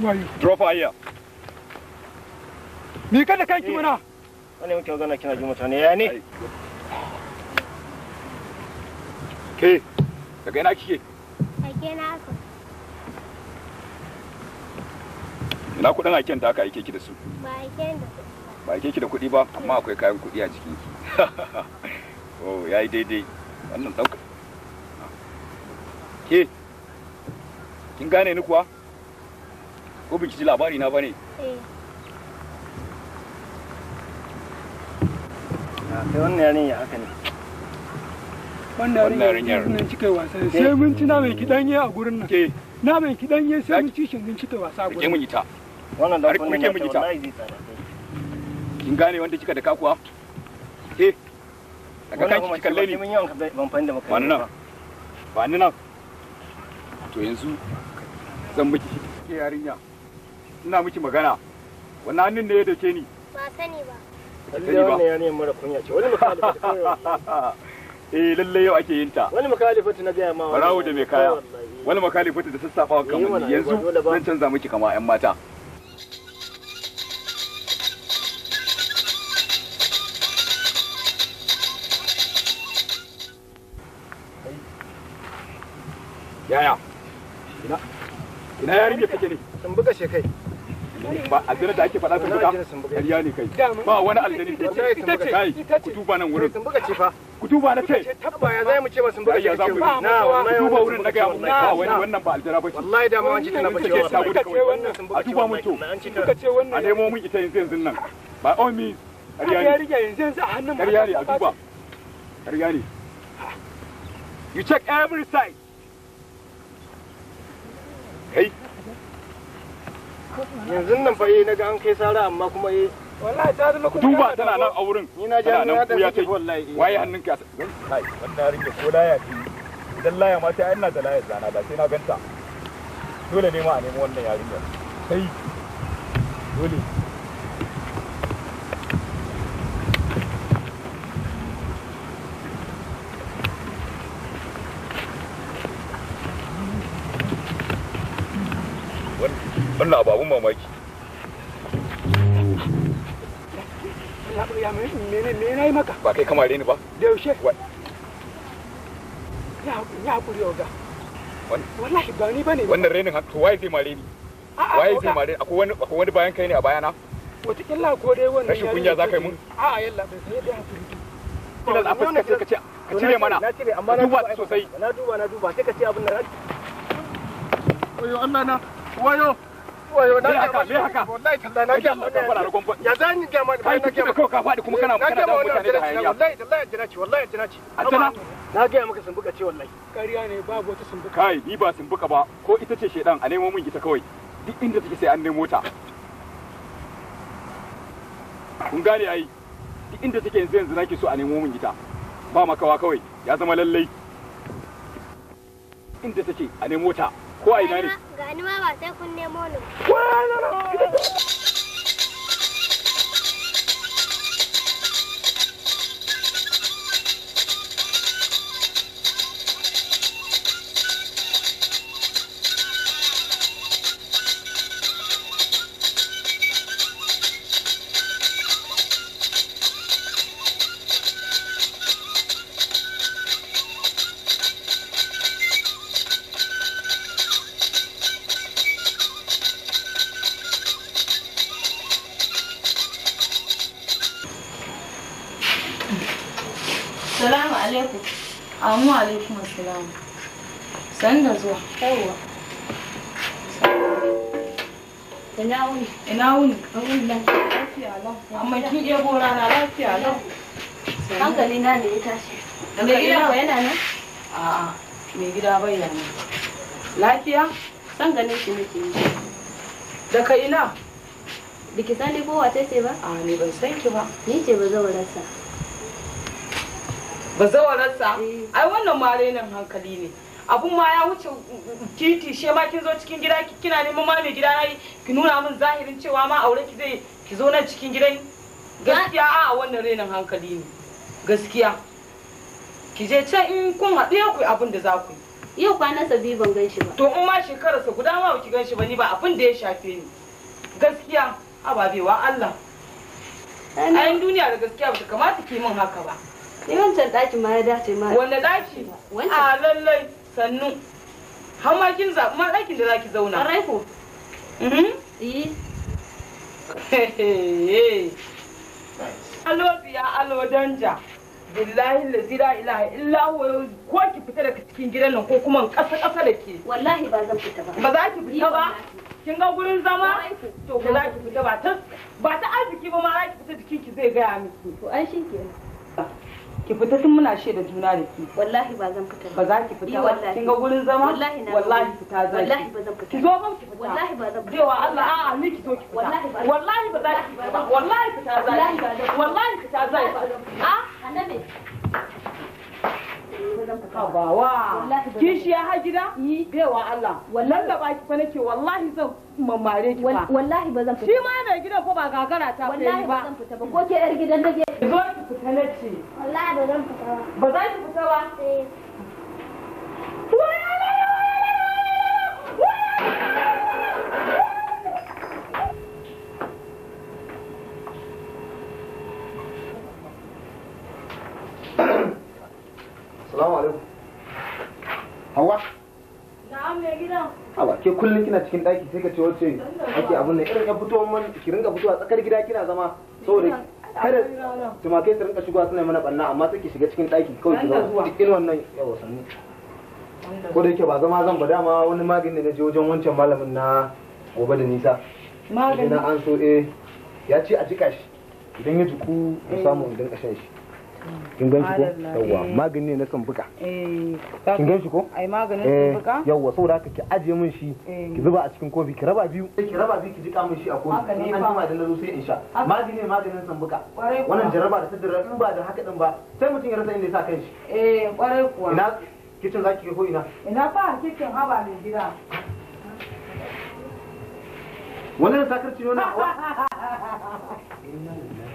Who kai ya ne? Ke daga ina kike? na ku. Ina kuɗin aiken da aka aike ki da su? Ba aiken da kuɗi ba. aike da kuɗi ba a jikin ki. (laughs) oh daidai. Wannan ɗauka. Ke kin gane ni kuwa ko biki ji labari na bane eh. ah, wannan yarinya ne wannan yarinyar wasa eh. sai mun ci kidanye a gurin nan ke na kidanye sai mun ci wasa gurin ke mun wannan da mun kin gane wanda kika da kakuwa eh daga kan ban fahimta wannan ba ni nan to yanzu zan miki ke yarinya ina miki magana wannan hannun ne ya dake ni ba sani ba lalle wannan ne mara kunya ce wani makalifa ta (laughs) eh lalle yau ake yin ta wani makalifa ta na gaya ma barawo da mai kaya wani makalifa ta da sassafa wa kamar eh, yanzu zan canza miki kama yan mata yaya yeah, yeah. ina ne she ba aljanna da ake faɗa sun buga ƙarya ne kai ba wani aljani ita ce ita ce nan wurin kutuba na ce tabba ya na kutuba wurin na ga wani wannan ba aljana ba wallahi da ma ce wannan buga a buga ce wannan a nemo mun ita yanzu yanzu ba all means ƙarya ne a duba ƙarya you check every side kai yanzu nan fa eh naga an kai sara amma kuma eh wallahi ta zama kuma duba tana nan a wurin ni na ji nan ku ya kai wallahi eh. waye hannunka kai wannan ringe ko laya ce idan laya ma ta ina da laya zana da sai na ganta dole ne ma a nemi wannan yarinyar kai dole wannan abu mamaki ya yi maka ba kai ni ba da yaushe ya haƙuri oga wallahi ba ni ba ne wannan renin waye zai mare waye zai mare akwai wani bayan kai ne a bayana ko dai wannan rashin kunya za ka yi mun a'a yalla bai sai ina da ka ce ka cire mana na cire amma na duba sosai na duba na duba sai ka ce abin da wayo Allah na wayo wayo na haka me haka wallahi tallahi na gama da fara ragon ba ya zan ga ma kai kike da ka faɗi kuma kana kana da mutane da hayaniya wallahi tallahi jira wallahi jira ci na ga maka sun ce wallahi ƙarya ne babu wata sun buka kai ni ba sumbuka ba ko ita ce shedan a nemo min ita kawai duk inda take sai an nemo ta kun gane ai duk inda take yanzu yanzu nake so a nemo min ita ba makawa kawai ya zama lallai inda take a nemo ta ko a ina ne ga ni ma ba sai kun nemo ni Amu alaikum assalam. San da zuwa. Ina wuni? Ina wuni? Lafiya Allah Amma kin gora na lafiya lau. Hankali na ne ya tashi. Mai gida ko yana nan? A'a, mai gida bai nan. Lafiya? San ne shi nake yi. Daga ina? Biki sani ko wace ce ba? A'a ni ban san ki ba. Ni ce ba rasa. bazawararsa eh. ai wannan ma rainan hankali ne abun ma ya wuce titi she ma kin zo cikin gida kina neman ma mai gida na ki nuna min zahirin cewa ma aure ki zai ki zo nan cikin gidan gaskiya a wannan rainan hankali ne gaskiya ki je can in kun haɗu ya ku abin da za ku yi yau kwanansa biyu ban gan shi ba to in ma shekararsa guda ma ki gan shi ba ni ba abin da ya shafe ni gaskiya ababewa Allah a duniya da gaskiya ba ta kamata ki min haka ba Sai wancan ɗakin ma ya dace ma. Wanda ɗaki? A ah, lallai sannu. Har ma kin zaɓi ma ɗakin da zaki zauna. Ƙwarai ko. Mhm. Eh. (laughs) Alobiya alo danja. Billahi la zira ilaha illa ko ki fita daga cikin gidan nan ko kuma ƙasa ƙasa da ke. Wallahi ba zan fita ba. Ba za ki fita ba. kin ga gurin zama to ku za ki fita ba ta ba ta arziki ba ma za ki fita jikin ki zai gaya miki to ai shi kenan ki fita tun muna da juna da ki wallahi ba zan fita ba za ki fita ba kin ga gurin zama wallahi na wallahi fita za wallahi ba zan fita ki zo ba ki fita wallahi ba zan fita jewa Allah a'a ni ki zo ki fita wallahi ba za ki fita ba wallahi fita za ki wallahi fita za ki a annabi Habawa. Kishiya har gida? Yi. Bewa Allah. Wallahi da baki fa nake wallahi zan mamare ki fa. Wallahi ba zan fita. Shi ma mai gidan ko ba gagara ta fere ba. Wallahi ba zan fita ba. Ko ke yar gidan da ke. Zo ki fita na ce. Wallahi ba zan fita ba. Ba za ki fita ba? Eh. Wai Allah. Salamu alaikum. Hawa? Na'am mai gida Hawa ke kullum kina cikin ɗaki sai ka ce wacce ake abin nan irin ya fito man ki ringa fitowa tsakar gida kina zama saboda kada tumakai su ringa shigowa suna mana banna amma sai ki shiga cikin ɗaki kawai ki zama cikin wannan yawa sanni Ko da yake ba zama zan ba dama wani magani na je wajen wancan malamin na gobe da nisa. Magani? Na an so eh ya ce a jika shi idan ya jiku ku samu idan ka shan shi. kin gan shi ko yawa eh. magani ne na sambuka eh, kin gan shi ko ai maganin eh, sambuka yawa saboda haka ki aje min shi ki zuba a cikin kofi ki raba biyu ki raba biyu ki jika min shi a kofi in an jima da nazo sai in sha magani ne maganin sambuka wannan jaraba da sadara in ba da haka din ba sai mutum ya rasa inda ya sa kanshi eh kwarai kuwa ina kitchen zaki ko ina ina fa kitchen haba ne gida wannan sakarci ne na (laughs)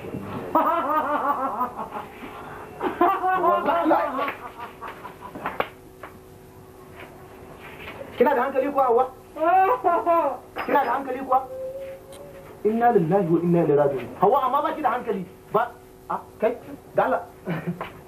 kina da hankali kuwa wa kina da hankali kuwa inna lillahi wa inna ilaihi raji'un hawa amma ba ki da hankali ba kai dala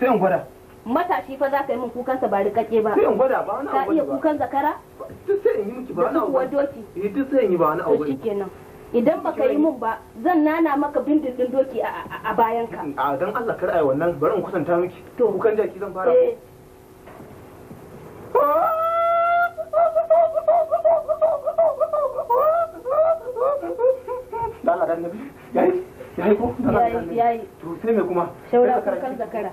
sai in gwada matashi fa za ka yi min kukan sa ba rikakke ba sai in gwada ba wani abu ka iya kukan zakara duk sai in yi miki ba wani abu ba doki eh, duk sai in yi ba wani abu ba shikenan idan baka yi min ba zan nana maka bindin doki a bayan ka a dan Allah kar ai wannan bari in kusanta miki kukan jaki zan fara eh. Dala dan nabi yayi yayi ko dala dan nabi yayi to sai me kuma shauran kukan zakara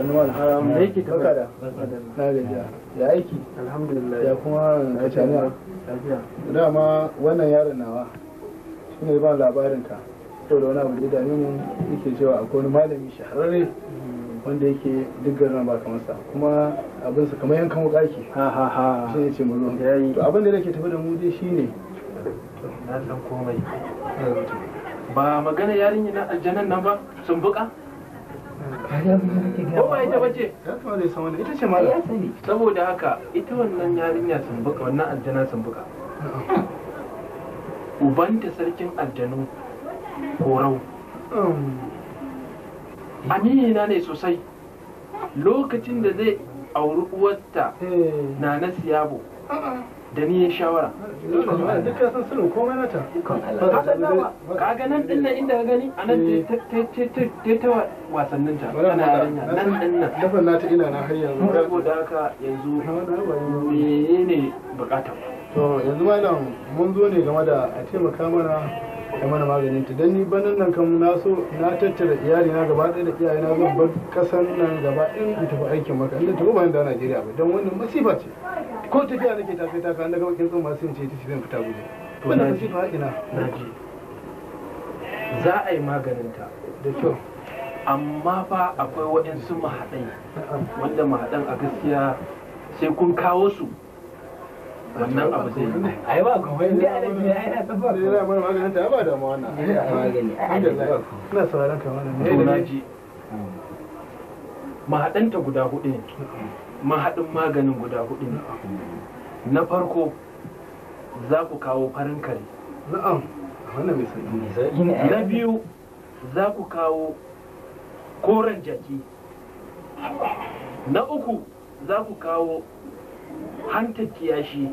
Annuwal haram da yake tafiya da na gajiya da aiki alhamdulillah ya kuma kacaniya dama wannan yaron nawa shi ne ba labarinka ka da wani abu da dame mu yake cewa akwai wani malami shahararre wanda yake duk garin ba kamar sa kuma abinsa kamar yankan wuka ke ha ha ha shi ne ce mu ruwan to abin da yake tafi da mu dai shine na san komai ba magana yarinya na aljanan nan ba sun buka Kuma ita Ya kuma zai ita ce Saboda haka ita wannan yarinya sambuka wannan aljana uban Ubanta sarkin aljanu korau. Mm. Aminina ne sosai. Lokacin da zai auri uwarta eh. na na siyabo. da ni ya shawara Dukkan ya komai na kaga nan din nan inda gani a nan ta ta wasannin ta ana yarinya nan din nan dafan ta ina na yanzu saboda haka yanzu to yanzu malam mun zo ne game da a taimaka mana ya mana maganin ta don ni banan nan kan na so na tattara iyali na gaba da iyaye na zan bar kasan nan gaba in ku tafi aikin maka inda tafi bayan da Najeriya ba don wannan masifa ce ko tafiya nake ta sai ta kan daga kin tsoma sun ce ta zan fita guje to na ji masifa ina ji za a yi maganin ta da kyau amma fa akwai waɗansu mahaɗai wanda mahaɗan a gaskiya sai kun kawo su wannan abu zai yi ai ba kuma ne a na mana maganin ta ba da mu wannan magani ji mahadanta guda hudu ne mahadin maganin guda hudu ne na farko za ku kawo farin kare na'am wannan mai ne na biyu za ku kawo koren jaki na uku za ku kawo hantar kiyashi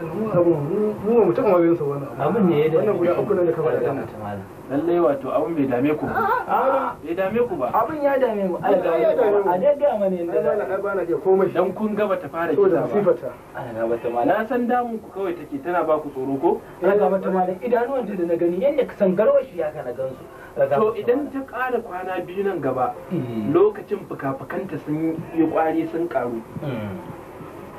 mu mutum ma yin wani abun ne da wannan guda uku ne da kamar da lallai wato abun bai dame ku ba bai dame ku ba abun ya dame mu ai ya dame mu a dai ga mana ne da na ba na je komai dan kun ga bata fara ki ba sifata ana bata ma na san damun ku kawai take tana ba ku tsoro ko raga bata ma da idanuwan ta da na gani yanda ka san garwar shi ya kana gansu to idan ta ƙara kwana biyu nan gaba lokacin fuka-fukanta sun yi kwari sun karu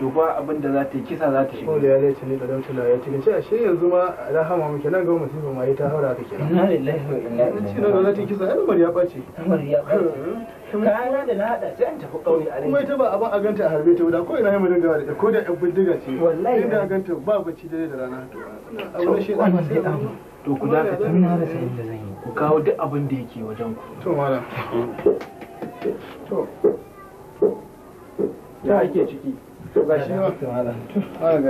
to ba abin da za ta yi kisa za ta shiga. Kole ya laita ne kadam tula ya cikin cewa shi yanzu ma rahama muke nan ga musifa ma ta haura ka kira. Inna lillahi wa inna ilaihi. Ina ga za ta yi kisa al'amari ya ɓace. Al'amari ya ɓace. Hmm. kayana da na hada sai an tafi kauye a kuma ita ba a ba a ganta a harbe ta ko ina yamma dinga da ko da yan bindiga ce wallahi inda a ganta ba bacci dare da rana to abu shi wannan sai an to ku dakata. ina da sai da zan yi ku kawo duk abin da yake wajen ku to malam to ta ake ciki ga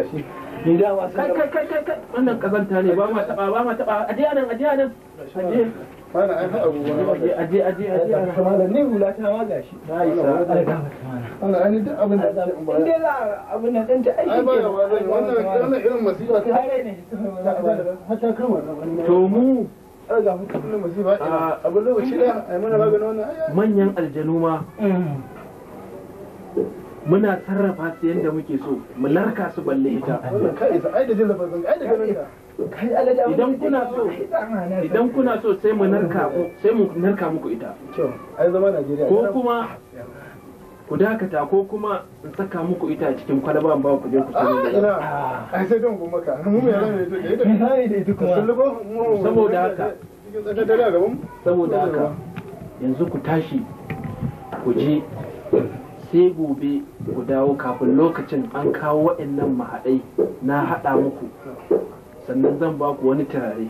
shi ni da wasu kai kai kai kai wannan kazanta ne ba ma taba ba ma taba in nan manyan aljanu ma mm. muna sarrafa su yadda muke so mu larka su balle ita idan kuna so idan kuna so sai mu narka sai mu narka muku ita ko kuma ku dakata ko kuma in saka muku ita cikin kwalaba ba ku je ku ah, sani da ina ah. ai sai don goma mu mai ran da ita da ita kuma saboda haka saboda haka yanzu ku tashi ku je sai gobe ku dawo kafin lokacin an kawo waɗannan mahaɗai na haɗa muku sannan zan ba ku wani turare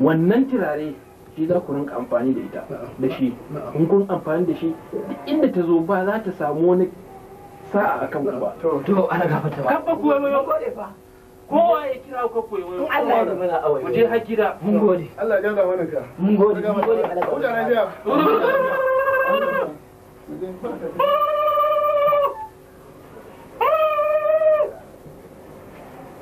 wannan turare shi za ku rinka amfani da ita da shi in kun amfani da shi inda ta zo ba za ta samu wani sa'a a kan ba to ana gafata ba kafa kuwa mai gode ba kowa ya kira ka koyi wani Allah ya zama na awai waje hakira mun gode Allah ya ga mana ka mun gode mun gode Allah ya ga mana ka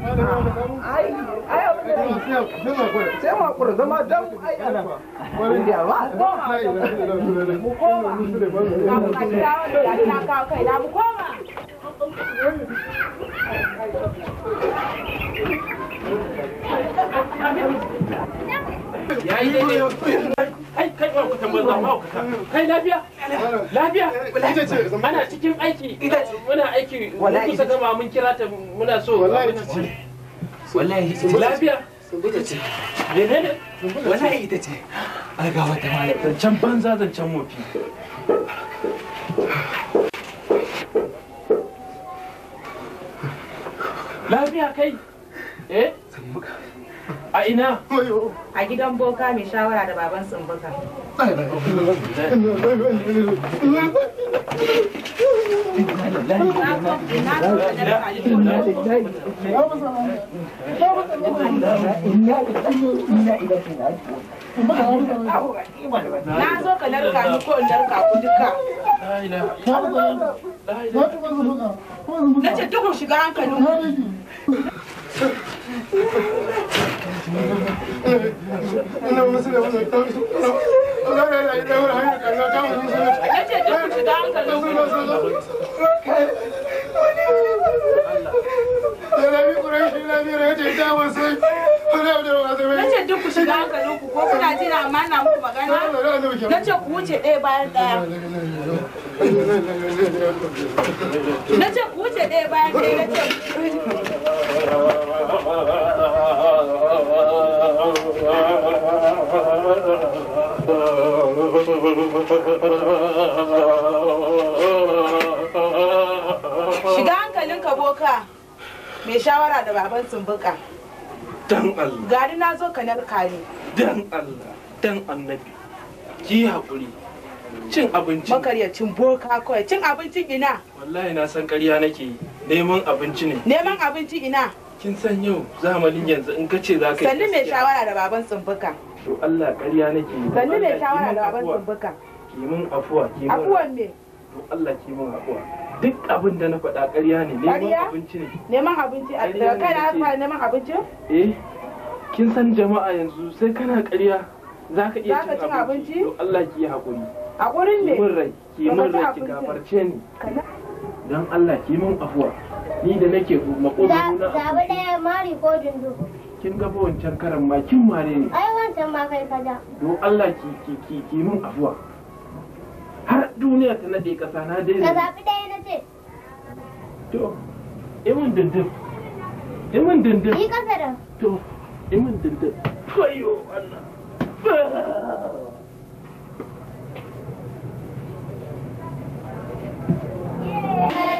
ai ai abin zama yi kai kai ba ma kai lafiya lafiya ana cikin aiki muna aiki kusa gama mun kira ta muna so wallahi wallahi lafiya wallahi ita ce alga wata malam can banza mofi lafiya kai eh a ina a gidan boka mai shawara da baban tsumbuka na zo ka narka ni ko in narka ku duka na ce duk shiga hankalin ina musu da musu ta su ina ga da ina wani hanyar kaza ta musu su ya ce duk su da hanka da su da rabi kurai na biyar ya ce ta musu kuna da wasu mai nace duk ku shiga hankalin ku ko kuna jira amma na muku magana nace ku wuce ɗaya bayan ɗaya nace ku wuce ɗaya bayan ɗaya nace Shiga hankalinka boka mai shawara da baban sumbuka. Dan Allah. Gari na zo ka narka ne. Dan Allah, dan annabi. Ki haƙuri. Cin abincin. Makaryacin boka kawai. Cin abincin ina. Wallahi na san ƙarya nake yi. Neman abinci ne. Neman abincin ina. kin san yau zamanin yanzu in kace za ka sannu mai shawara da baban tsumbuka to Allah ƙarya nake sannu mai shawara da baban tsumbuka mun afuwa mun afuwa me to Allah mun afuwa duk abin da na faɗa ƙarya ne neman abinci ne neman abinci a da kai na fara neman abinci eh kin san jama'a yanzu sai kana ƙarya za ka iya cin abinci to Allah ki hakuri hakurin ne kimin rai kimin rai ki gafarce ni dan Allah mun afuwa ni da nake makoda nuna zabi daya mari ko dundugu kin ga ba wancan karan ma kin mare ne ai wancan ma kai kaja don Allah ki ki ki ki mun afuwa har duniya ta nade kasa na dai ka zabi daya na ce to imin dindin imin dindin yi kasa da to imin dindin fayo Allah Yeah.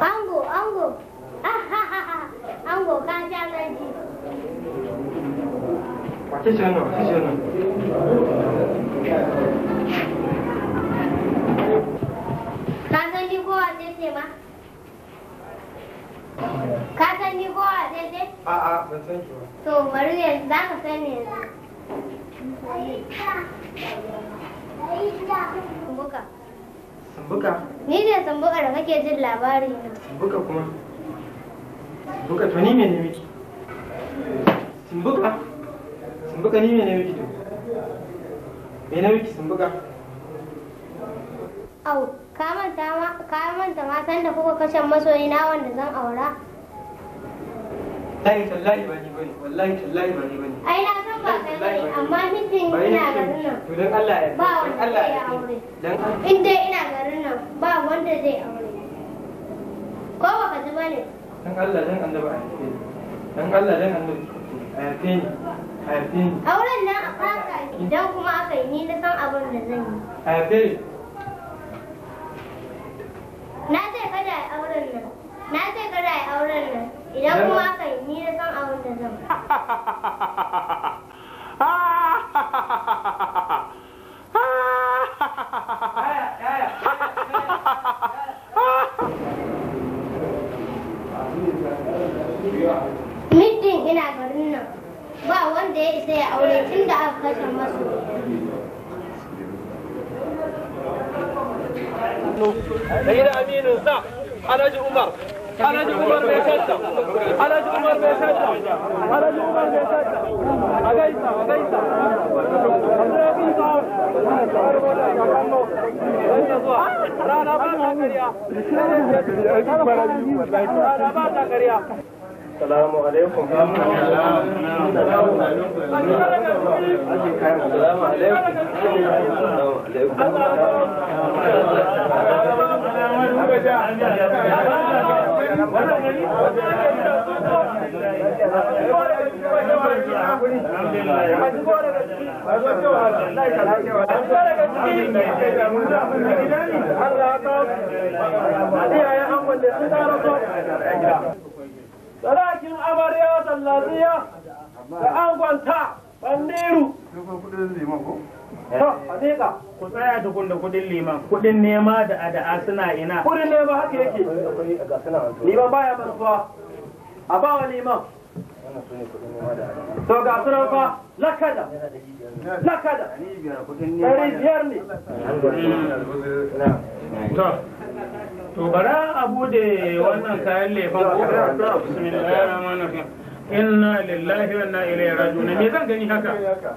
Ango, ango. Ah, ango, ka sha Ka san ni ko wace ce ba? Ka san ni ko wace ce? To, yanzu. Ni ne Sambuka da kake jin labarin nan. Sambuka kuma? Sambuka to ni miki? Sambuka? Sambuka ni miki miki Sambuka? Au, ka manta ma san da kuka kashe masoyina wanda zan aura? wallahi tallahi ba ni bane wallahi tallahi ba ni bane ai na san ba kai amma mijin ina garin nan to dan Allah ya ba Allah ya aure dan in dai ina garin nan ba wanda zai aure ko ba ka ji dan Allah dan a yafe dan Allah dan auren nan a idan kuma aka yi ni na san abin da zan yi na ce kada auren nan na ce kada auren nan idan kuma aka yi ni da san abin da zan Middin ina garin nan ba wanda ya isa ya aure tun da aka kashe masu. Da gida aminu sa, Alhaji Umar, Alhaji Umar bai shadda Alhaji Umar bai shadda Alhaji Umar bai shadda a gaisa a gaisa rana ba ta kariya rana ba ta Sarakin amarya tallaziya da angonta bandiru. to ka ku tsaya tukun da kudin liman kudin nema da ada'a suna ina kudin nema haka yake liman baya mantuwa a ba wa liman to ga fa lakada lakada ɗari biyar ne to bara a bude wannan kayan lefan ko bismillahir rahmanir rahim inna lillahi wa inna ilaihi raji'un me zan gani haka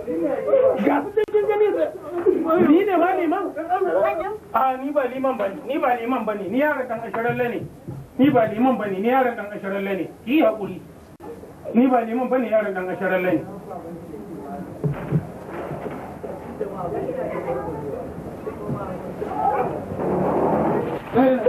ga cikin gani ni ne ba liman a ni ba liman ba ni ba liman ba ne ni yaran dan asharalle ne ni ba liman ba ne ni yaran dan asharalle ne yi haƙuri ni ba liman ba ne yaran dan asharalle ne Hey, eh.